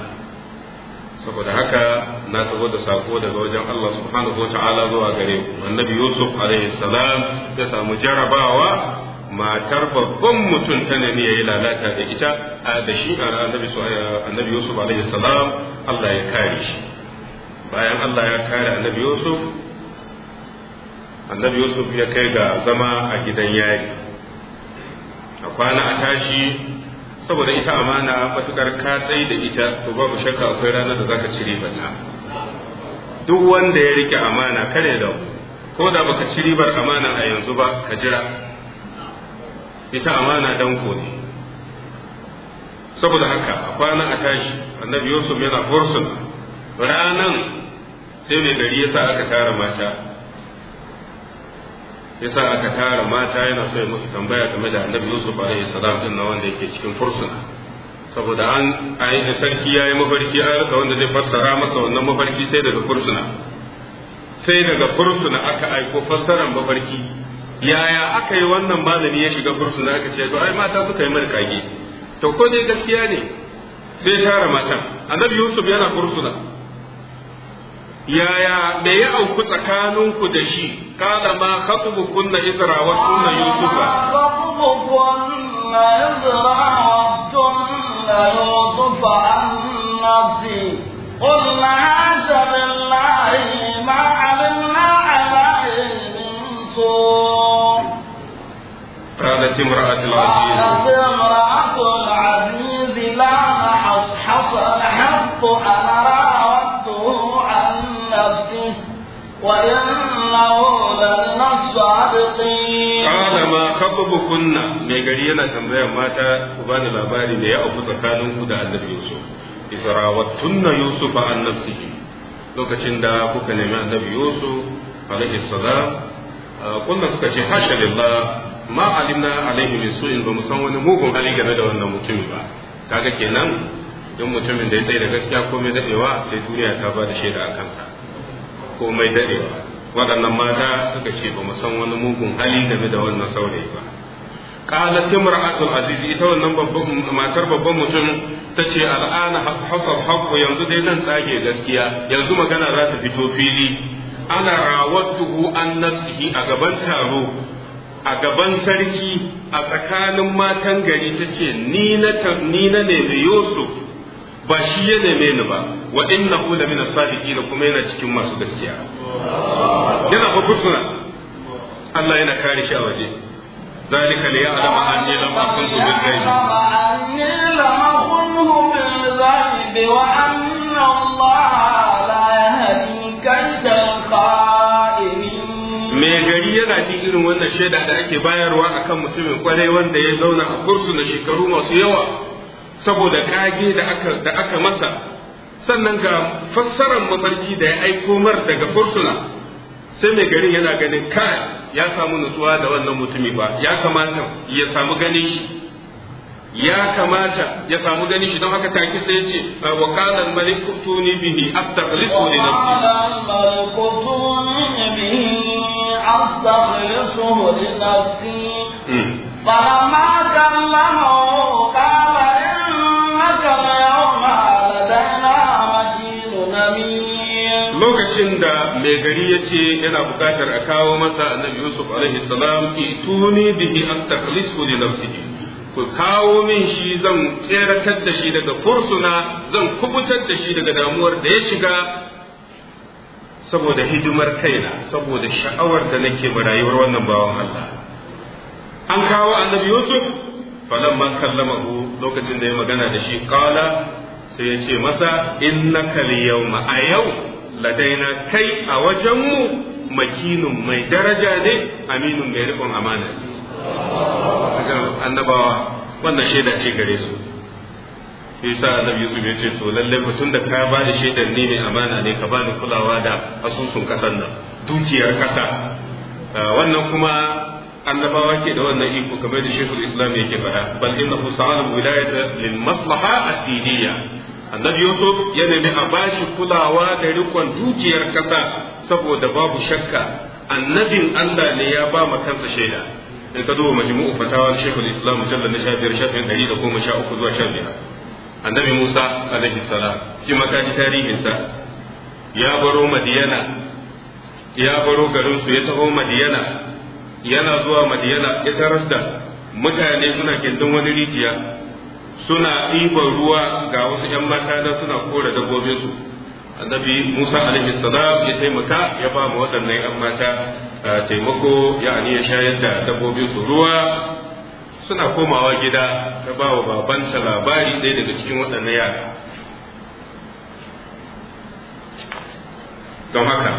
saboda haka na taho da sako daga wajen Allah subhanahu wata'ala zuwa gare ku annabi yusuf alaihi salam ya samu jarabawa matar babban mutum ta nemi ya yi lalata da ita a da shi annabi yusuf alaihi salam Allah ya kare shi bayan Allah ya kare annabi Yusuf annabi Yusuf ya kai ga zama a gidan yari a kwana a tashi saboda ita amana matukar ka tsaye da ita to babu shakka akwai ranar da zaka cire bata duk wanda ya rike amana kare da ko da baka ci ribar amana a yanzu ba ka jira ita amana dan ne saboda haka a kwana a tashi annabi Yusuf yana fursun ranan sai mai gari yasa aka tara mata yasa aka tara mata yana so ya musu tambaya game da annabi yusuf alaihi salam din na wanda yake cikin fursuna saboda an ainihin sarki ya yi mafarki an rasa wanda zai fassara masa wannan mafarki sai daga fursuna sai daga fursuna aka aiko fassaran mafarki yaya aka yi wannan malami ya shiga fursuna aka ce to ai mata suka yi mana kage to ko dai gaskiya ne sai tara matan annabi yusuf yana fursuna yaya me ya auku tsakaninku da shi kala ma khatubu kunna idra wa kunna yusufa khatubu kunna idra wa kunna yusufa annasi قل عاش بالله ما علمنا عليه من سوء قالت امرأة العزيز قالت امرأة العزيز لا حصحص الحق أنا راوي نفسه mai gari yana tambayar mata ku bani labari da ya abu tsakaninku da annabi Yusuf Tunna Yusuf an nafsihi lokacin da kuka nemi annabi Yusuf alaihi salam kunna suka ce hasha lillah ma alimna alaihi min su'in ba san wani mugun hali game da wannan mutumin ba kaga kenan don mutumin da ya tsaye da gaskiya komai dadewa sai duniya ta ba da shaida a kansa komai darewa waɗannan mata suka ce ba san wani mugun hali game da wannan saurayi ba qalat imra'atul aziz ita wannan babban matar babban mutum tace al'ana hasal haqqu yanzu dai zan tsage gaskiya yanzu magana za ta fito fili ana rawatuhu an nafsihi a gaban taro a gaban sarki a tsakanin matan gari tace ni na ni na ne Yusuf ba shi ya neme ni ba wa hu la min as-sadiqin kuma yana cikin masu gaskiya yana fa Allah yana kare shi a waje ذلك ليعلم أني لم أخنه بالغيب أني لم أخنه بالغيب وأن الله لا يهدي كيد mai gari yana jin irin wannan shaida da ake bayarwa akan mutumin kwarai wanda ya zauna a kursu na shekaru masu yawa saboda kage da aka da aka masa sannan ga fassarar mafarki da ya aiko mar daga fursuna sai mai garin yana ganin kai ya samu nutsuwa da wannan mutumi ba ya kamata ya samu ganin shi ya kamata ya samu ganin shi don haka take sai ya ce wa qala al maliku tuni bihi astaghlisu li nafsi أستخلصه لنفسي فلما mai gari ya ce yana bukatar a kawo masa annabi yusuf alaihi salam tuni bihi astakhlisu li nafsihi ku kawo min shi zan tseratar da shi daga fursuna zan kubutar da shi daga damuwar da ya shiga saboda hidimar kaina saboda sha'awar da nake ba rayuwar wannan bawan Allah an kawo annabi yusuf kallama kallamahu lokacin da ya magana da shi kala sai ya ce masa innaka liyawma a yau ladaina kai a wajenmu makinin mai daraja ne aminin mai rikon amana annabawa wannan shaida ce gare su yasa annabi Yusuf ya ce to lalle mutum da ka ba da shaidar ni mai amana ne ka bani kulawa da asusun kasan nan dukiyar kasa ah, wannan kuma annabawa ke da wannan iko kamar da shekul islam yake faɗa bal innahu sa'al wilayata lil maslaha ad-diniyya annabi yusuf ya nemi a bashi kulawa da rikon dukiyar kasa saboda babu shakka annabin allah ne ya ba ma kansa shaida in ka duba majmu'u fatawa shekul islam mujallal na sha biyar shafin ɗari da goma sha uku zuwa sha biyar annabi musa alaihi salam shi tarihin tarihinsa ya baro madiyana ya baro garinsu ya taho madiyana yana zuwa madiyana ya tarasta da mutane suna gindin wani rijiya suna ɗiban ruwa ga wasu ‘yan mata da suna kora dabbobinsu annabi musa alaihi salam ya taimaka ya ba mu waɗannan ‘yan mata taimako ya ya shayar da su. ruwa suna komawa gida ta ba wa babanta labari ɗaya daga cikin waɗannan yara don haka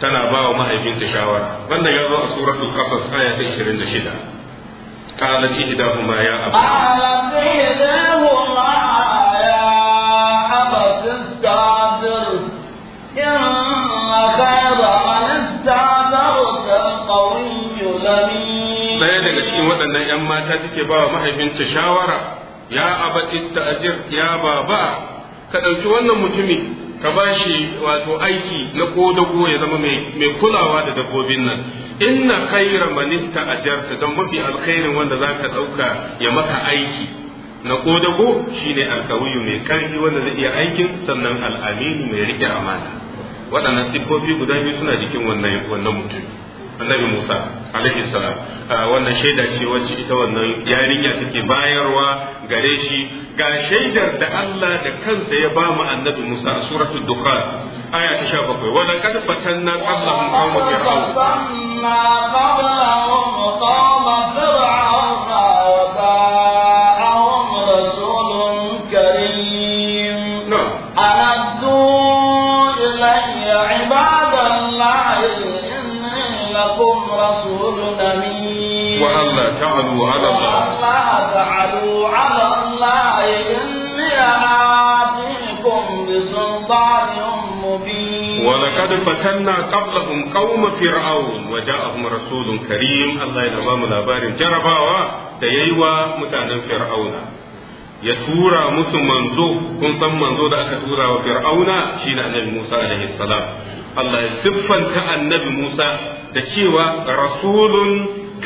tana ba wa mahaifinta shawara wannan ya zo a suratul qasas aya ta 26 قالت إحداهما يا أبا قالت إحداهما يا أبا استعذر إن خير أن استعذرك القوي لمين ɗaya daga cikin waɗannan 'yan mata take ba mahaifinta shawara ya aba ista'ajir ya baba ka ɗauki wannan mutumin. ka ba shi wato aiki na ko ya zama mai kulawa da dabbobin nan inna khayra manista jarka don mafi alkhairin wanda zaka dauka ya maka aiki na ko dago shine alkawiyu mai karfi wanda zai iya aikin sannan al'amini mai rike amana waɗannan siffofi guda biyu suna jikin wannan mutum annabi Musa alaihi salam wannan shaida ce wacce ita wannan yarinya take bayarwa gare shi ga shaidar da Allah da kansa ya ba mu annabi Musa a suratu dukhan aya ta 17 wala qad fatanna qablahum qawma fir'aun لكم رسول أمين وألا تعلوا على الله وألا تعلوا على الله إني آتيكم بسلطان مبين ولقد فتنا قبلهم قوم فرعون وجاءهم رسول كريم الله ينبام الأبار جرباوا تييوا متانا فرعون ya tura musu manzo kun san manzo da aka tura wa fir'auna shine annabi Musa alaihi salam Allah ya siffanta annabi Musa da cewa rasulun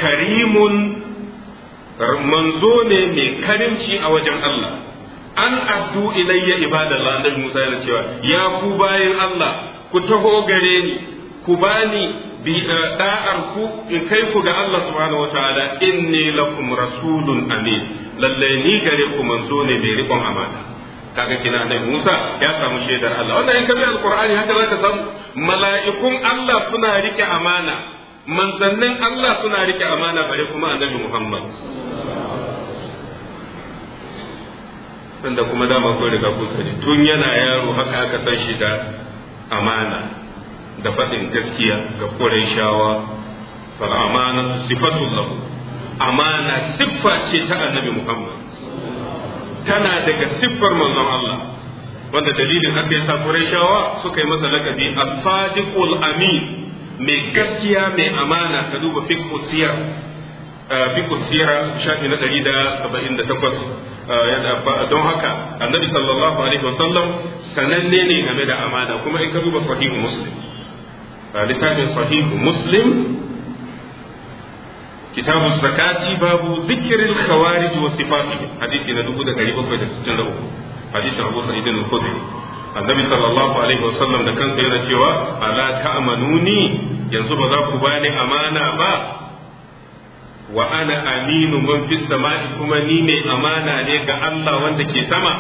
karimun manzo ne mai karimci a wajen Allah an addu ilayya ibadallah annabi Musa yana cewa ya ku bayan Allah ku taho gare ni ku bani bi eh, da'ar ku in kai ku ga Allah subhanahu wataala inni lakum rasulun amin lalle ni gare ku manzo ne mai rikon amana kaga kina nan Musa ya samu shaidar Allah wannan in ka bi alqur'ani haka ka samu mala'ikun Allah suna rike amana manzannin Allah suna rike amana bare kuma annabi Muhammad da kuma dama kun riga kun sani tun yana yaro haka aka san shi da amana da faɗin gaskiya ga kore shawa fa amana sifatu lahu amana siffa ta annabi Muhammad tana daga siffar manzon Allah wanda dalilin haka yasa Qurayshawa suka yi masa lakabi as-sadiqul amin mai gaskiya mai amana ka duba fiqh siyar uh, fiqh siyar shafi na 178 uh, don haka annabi sallallahu alaihi wasallam sananne ne game da amana kuma in ka duba sahih muslim uh, littafin sahih muslim kitabu zakati babu zikirin khawarij wa sifatihim hadisi na 1763 hadisin Abu Sa'id al-Khudri annabi sallallahu alaihi wasallam da kansa yana cewa ala manuni? yanzu ba za ku bani amana ba wa ana aminu man fis sama'i kuma ni ne amana ne ga Allah wanda ke sama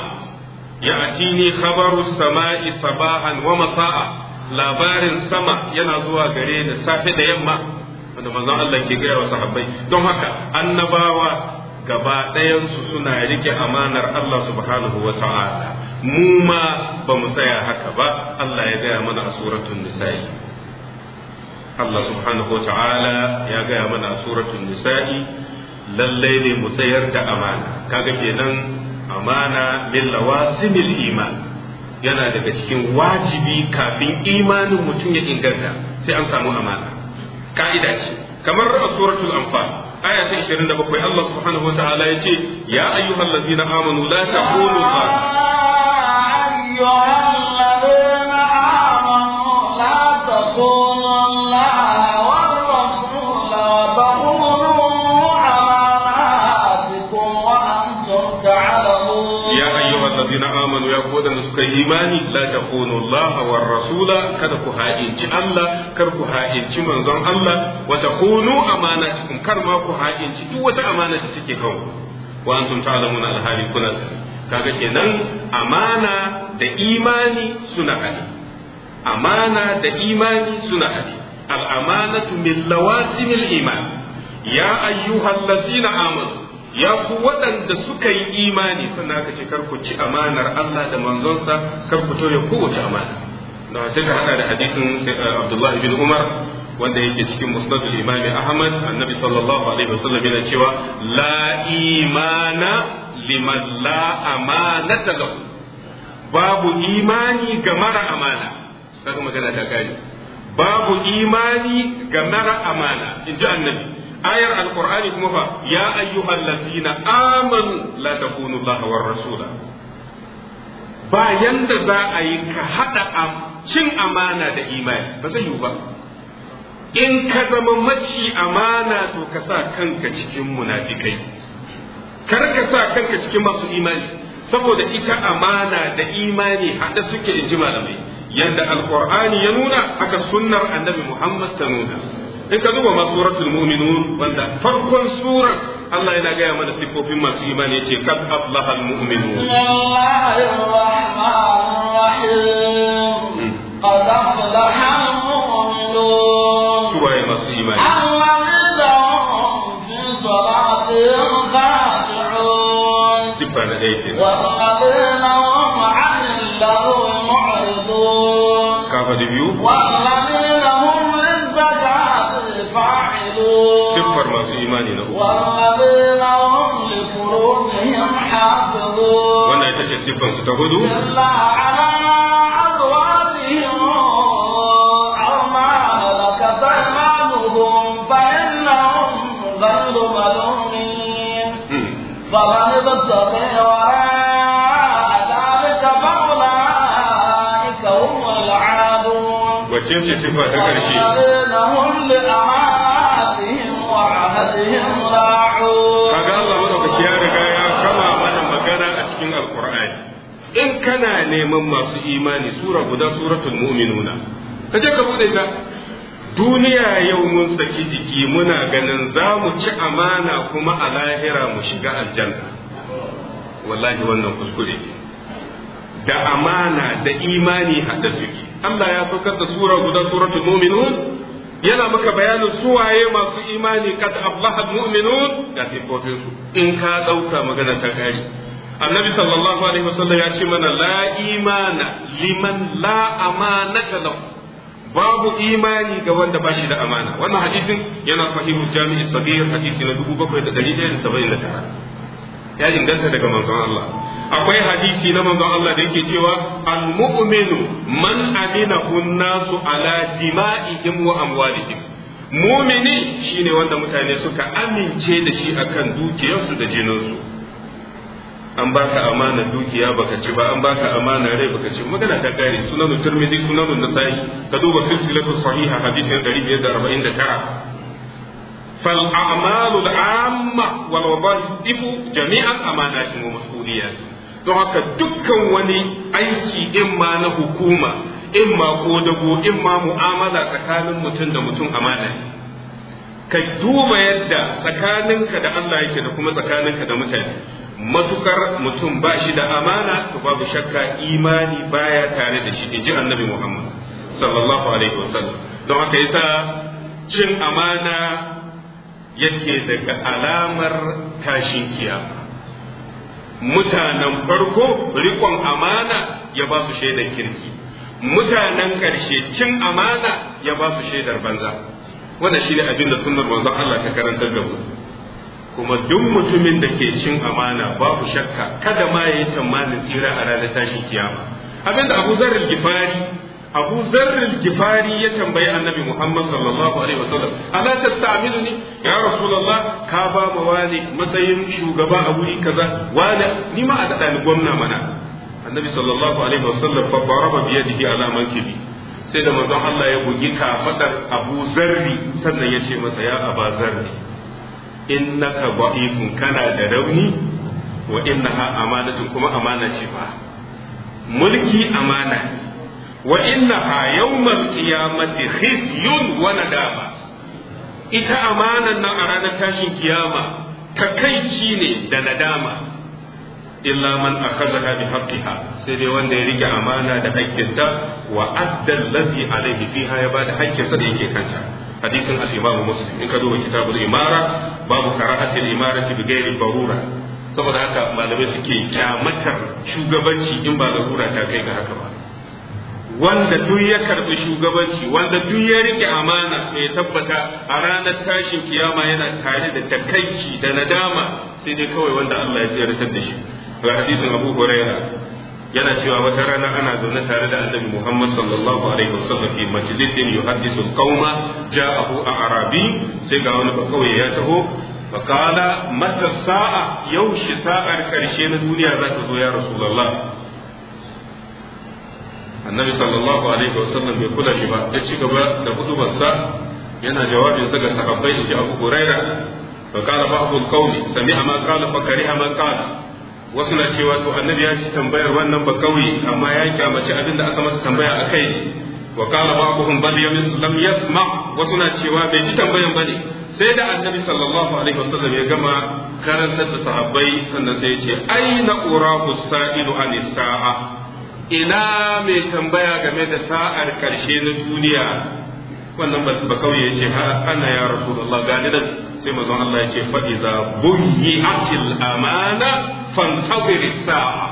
ya atini khabaru sama'i sabahan wa masa'a labarin sama yana zuwa gare safe da yamma wanda manzon Allah ke gaya wa sahabbai don haka annabawa gaba ɗayansu suna rike amanar Allah subhanahu wa ta'ala mu ma ba mu tsaya haka ba Allah ya gaya mana a suratul nisa'i Allah subhanahu wa ta'ala ya gaya mana a suratul nisa'i lallai ne mu tsayar da amana kaga kenan amana min lawasimil iman yana daga cikin wajibi kafin imanin mutum ya inganta sai an samu amana ka'ida ce kamar a suratul anfal aya ta 27 Allah subhanahu wa ta'ala yace ya ayyuhallazina amanu la taqulu ya ayyuhal allazina amanu ya ko da suka yi imani la takunu Allah war rasula ku ha'inci Allah kar ku ha'inci manzon Allah da imani suna hali amana da imani suna hali al'amanatu min iman ya amanu ya ku waɗanda suka yi imani sannan aka ce kar ku ci amanar Allah da manzonsa kar ku tauye kowace amana Na sai ka hada da hadisin eh, Abdullah ibn Umar wanda yake cikin musnad al-Imam Ahmad annabi sallallahu alaihi wasallam yana cewa la imana liman la amanata lahu babu imani ga mara amana saka magana ta kare, babu imani ga mara amana inji annabi ayar alkur'ani kuma fa ya ayyuhal ladina amanu la takunu Allah war rasula ba yanda za a yi ka hada cin amana da imani ba zai yiwu ba in ka zama maci amana to ka sa kanka cikin munafikai kar ka sa kanka cikin masu imani saboda ita amana da imani hada suke in ji malamai yadda alqur'ani ya nuna haka sunnar annabi muhammad ta nuna in ka duba ma suratul mu'minun wanda farkon sura Allah yana gaya mana sifofin masu imani yace kad aflaha al mu'minun Allahu rahmanur rahim qad aflaha al mu'minun suwaye masu imani Sifa na ɗaya ke. Ka faɗi biyu? والذين هم لفروجهم حافظون وانا يتجه سيفا إلا على أزواجهم أو ما ملكت أيمانهم فإنهم غير ملومين hmm. فمن ابتغي ذلك فأولئك هم العادون وتجه سيفا ذكر شيء هم لأعادهم kaga Allah madaukaki ya riga ya kama mana magana a cikin alkur'ani in kana neman masu imani sura guda suratul mu'minuna kaje ka bude ta duniya yau mun saki jiki muna ganin za mu ci amana kuma a lahira mu shiga aljanna wallahi wannan kuskure da amana da imani hada suke Allah ya saukar da sura guda suratul mu'minun yana maka bayanin suwaye masu imani kad aflaha mu'minun da sifofin su in ka dauka magana ta kare annabi sallallahu alaihi wasallam ya ce mana la imana liman la amanata lahu babu imani ga wanda ba shi da amana wannan hadisin yana sahihu jami'i sabir hadisi na 7179 ya inganta daga manzon Allah akwai hadisi na manzon Allah da yake cewa al-mu'minu man amina nasu ala dima'ihim wa amwalihim mumini shine wanda mutane suka amince da shi akan dukiyarsu da jininsu an baka amana dukiya baka ci ba an baka amana rai baka ci magana ta gare sunan turmidi sunan nasai ka duba silsilatu sahiha hadisin 549 فالأعمال العامة jami'an جميعا wa ومسؤوليات don haka dukkan wani aiki in ma na hukuma in ma kodago in ma mu'amala tsakanin mutum da mutum amana ka duba yadda tsakaninka da Allah yake da kuma tsakaninka da mutane matukar mutum ba shi da amana to babu shakka imani baya tare da shi inji annabi Muhammad sallallahu alaihi wasallam don haka yasa cin amana yake daga alamar tashin kiyama mutanen farko rikon amana ya ba su shaidar kirki mutanen ƙarshe cin amana ya ba su shaidar banza wannan ne abin da sunnar manzon Allah ta karantar da mu kuma duk mutumin da ke cin amana ba ku shakka kada ma ya yi tsammanin tsira a ranar tashin kiyama abinda Abu zarar gifari abu zarril gifari ya tambayi annabi muhammad sallallahu alaihi wasallam ala ni. ya rasulullah ka ba ma wani matsayin shugaba a wuri kaza wani ni ma a dada gwamna mana annabi sallallahu alaihi wasallam fa baraba bi yadihi ala mankibi sai da manzon Allah ya bugi kafadar abu zarri sannan ya ce masa ya aba zarri innaka da'ifun kana da rauni wa innaha amanatun kuma amana ce fa mulki amana wa innaha yawmal qiyamati khizyun wa nadama ita amanan nan a ranar tashin kiyama takaici ne da nadama illa man akhadha bi haqqiha sai dai wanda ya rike amana da haƙƙinta wa adda allazi alaihi fiha ya bada haƙƙinsa da yake kanta hadisin al-imamu muslim in ka duba kitabul imara babu qara'atil imarati bi ghairi barura saboda haka malamai suke kyamatar shugabanci in ba larura ta kai ga haka ba wanda duk ya karbi shugabanci wanda duk ya rike amana ya tabbata a ranar tashin kiyama yana tare da takaici da nadama sai dai kawai wanda Allah ya tsayar da shi ga hadisin Abu Huraira yana cewa wata rana ana zaune tare da Annabi Muhammad sallallahu alaihi wasallam fi majlisin yuhaddisu qauma ja'ahu a'rabi sai ga wani kawai ya taho فقال متى الساعة يوشي ساعة الكرشين الدنيا ذات zo ya الله annabi sallallahu alaihi wasallam bai kula shi ba ya ci gaba da hudubarsa yana jawabin sa ga sahabbai inji Abu Huraira fa qala ba'dul qawli sami'a ma qala fa kariha ma qala wasu na cewa to annabi ya ci tambayar wannan ba kauye amma ya kyamace abin da aka masa tambaya a akai wa qala ba'dhum bal lam yasma wasu na cewa bai ci tambayan bane sai da annabi sallallahu alaihi wasallam ya gama karantar da sahabbai sannan sai ya ce aina urahu sa'ilu anis sa'a ina mai tambaya game da sa'ar ƙarshe na duniya wannan ba kauye ce har ana ya Allah gani nan sai mazan Allah ya ce faɗi za buyi akil amana fantazir sa'a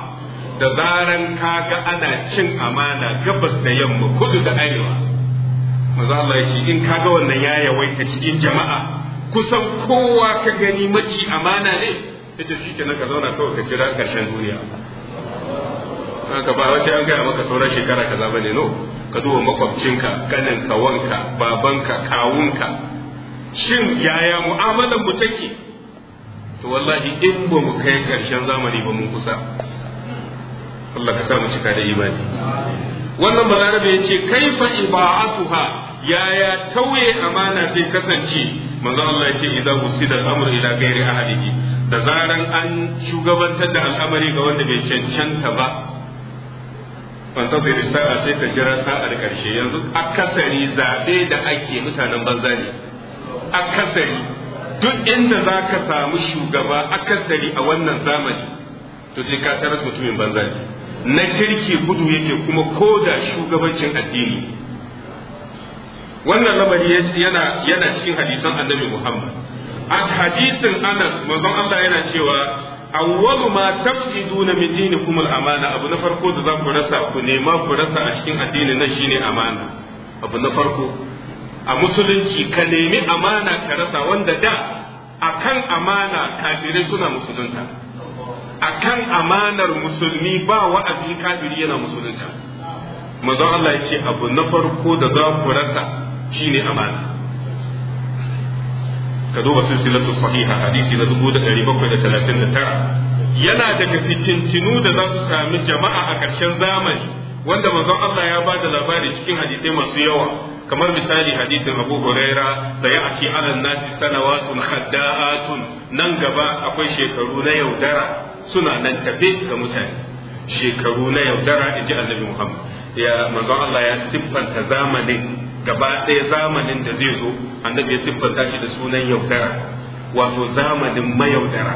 da zaran kaga ana cin amana gabas da yamma kudu da arewa mazan Allah ya ce in kaga wannan ya yawaita cikin jama'a kusan kowa ka gani maci amana ne ita shi ke na ka zauna kawai ka jira ƙarshen duniya ka ba wace an gaya maka sauran shekara kaza ne no ka duba makwabcinka ganin wanka babanka kawunka shin yaya mu'amalar mu take to wallahi in ba mu kai karshen zamani ba mun kusa Allah ka sa mu cika da imani wannan balarabe ya ce kaifa iba'atuha yaya tauye amana zai kasance manzo Allah ya ce idan usida al-amru ila ghairi ahlihi da zaran an shugabantar da al'amari ga wanda bai cancanta ba fantazir sa'a sai ta jira sa'ar karshe yanzu akasari zaɓe da ake mutanen banza ne akasari duk inda za ka samu shugaba akasari a wannan zamani to sai ka taras mutumin banza ne na kirki gudu yake kuma ko da shugabancin addini wannan lamari yana cikin hadisan annabi muhammad a hadisin anas manzon allah yana cewa awwalu ma tafiduna min dinikum al-amana abu na farko da za ku rasa ku nema ku rasa a cikin addinin nan shine amana abu na farko a musulunci ka nemi amana ka rasa wanda da akan amana kafirai suna musulunta akan amanar musulmi ba wa'azi kafiri yana musulunta manzon Allah ya ce abu na farko da za ku rasa shine amana ka duba silsilatu sahiha hadisi na 1739 yana daga fitintinu da za su sami jama'a a ƙarshen zamani wanda manzon Allah ya bada labari cikin hadisai masu yawa kamar misali hadisin Abu Huraira da ya aki alan nasi sanawatun khadda'atun nan gaba akwai shekaru na yaudara suna nan tafe ga mutane shekaru na yaudara inji Annabi Muhammad ya manzon Allah ya siffanta zamanin gaba ɗaya zamanin da zai zo annabi ya siffanta shi da sunan yaudara wato zamanin mayaudara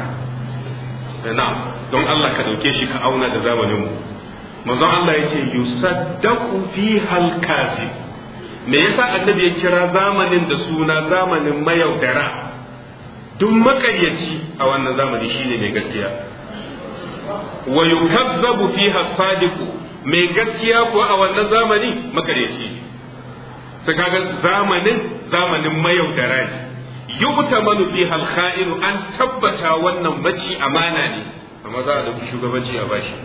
na don Allah ka dauke shi ka auna da zamanin mu manzon Allah ya ce yusaddaqu fi halkazi me yasa annabi ya kira zamanin da suna zamanin mayaudara duk makaryaci a wannan zamani shine mai gaskiya wa yukazzabu fiha sadiqu mai gaskiya ko a wannan zamani makaryaci sai kaga zamanin zamanin mayaudara ne yu'tamanu fi al an tabbata wannan maci amana ne amma za a dauki shugabanci a bashi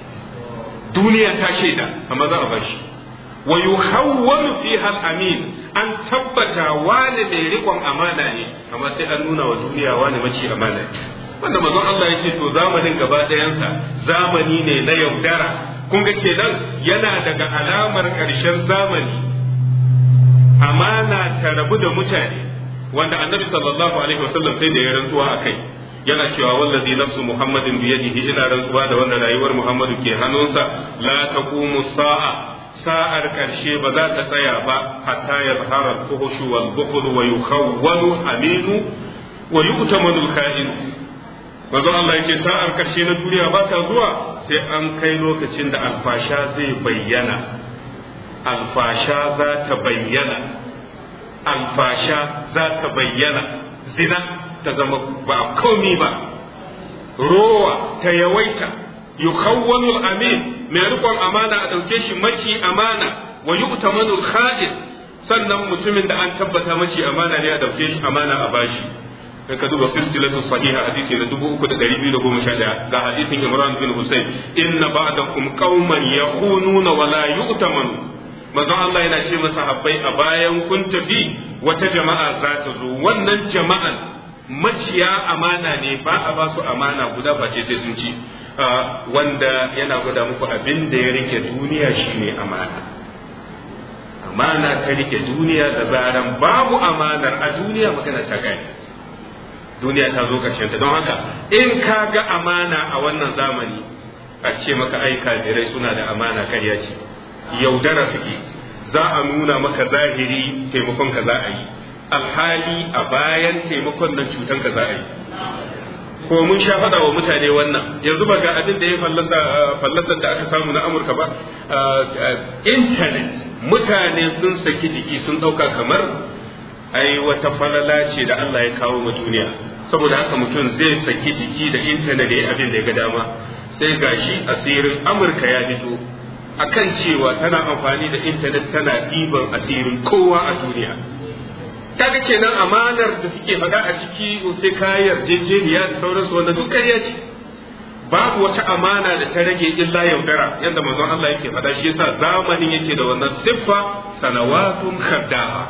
duniya ta shaida amma za a bashi wa yuhawwalu fi al-amin an tabbata wani mai rikon amana ne amma sai an nuna wa duniya wani maci amana ne wanda mazan Allah ya ce to zamanin gaba ɗayansa zamani ne na yaudara kun ga kenan yana daga alamar ƙarshen zamani amana ta rabu da mutane wanda annabi sallallahu alaihi wasallam sai da ya rantsuwa a kai yana cewa wallazi nafsu muhammadin biyadihi ina rantsuwa da wanda rayuwar muhammadu ke hannunsa la taqumu sa'a sa'ar karshe ba za ta tsaya ba hatta yazhara al-fuhshu wal bukhlu wa yukhawwalu aminu wa yu'tamanu al-kha'in Allah yake sa'ar karshe na duniya ba ta zuwa sai an kai lokacin da alfasha zai bayyana alfasha za ta bayyana alfasha za ta bayyana zina ta zama ba komi ba rowa ta yawaita yukawwanu al-amin mai rikon amana a ɗauke shi mashi amana wa yu'tamanu al-kha'in sannan mutumin da an tabbata mashi amana ne a dauke shi amana a bashi in ka duba silsilatu sahiha hadisi na ɗaya ga hadisin Imran bin Husayn inna ba'dakum qauman yakhununa wa la yu'tamanu manzon Allah yana ce masa habbai a bayan kun tafi wata jama'a za ta zo wannan jama'an maciya amana ne ba a ba su amana guda ba ce sai sun ci ah, wanda yana gwada muku abin da ya rike duniya shine amana amana ta rike duniya da zaran babu amanar a duniya magana ta gani duniya ta zo ta don haka in ka ga amana a wannan zamani a ce maka da rai suna da amana karya ce yaudara suke za a nuna maka zahiri taimakon ka za a yi alhali a bayan taimakon nan cutan ka za a yi ko mun sha faɗa wa mutane wannan yanzu ba ga abin da ya fallasa da aka samu na amurka ba intanet mutane sun saki jiki sun ɗauka kamar ai wata falala ce da allah ya kawo ma duniya saboda haka mutum zai saki jiki da intanet da abin da ya ga dama sai gashi asirin amurka ya fito akan cewa tana amfani da intanet tana ɗiban asirin kowa a duniya kaga kenan amanar da suke faɗa a ciki sai ka yarjejeniya da sauransu wanda duk ƙarya ce babu wata amana da ta rage illa yaudara yadda manzon Allah yake faɗa shi yasa zamanin yake da wannan siffa sanawatun khadda'a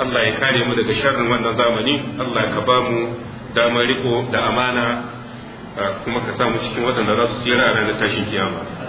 Allah ya kare mu daga sharrin wannan zamani Allah ka ba mu damar riko da amana ah, kuma ka samu cikin waɗanda za su tsira a ranar tashin kiyama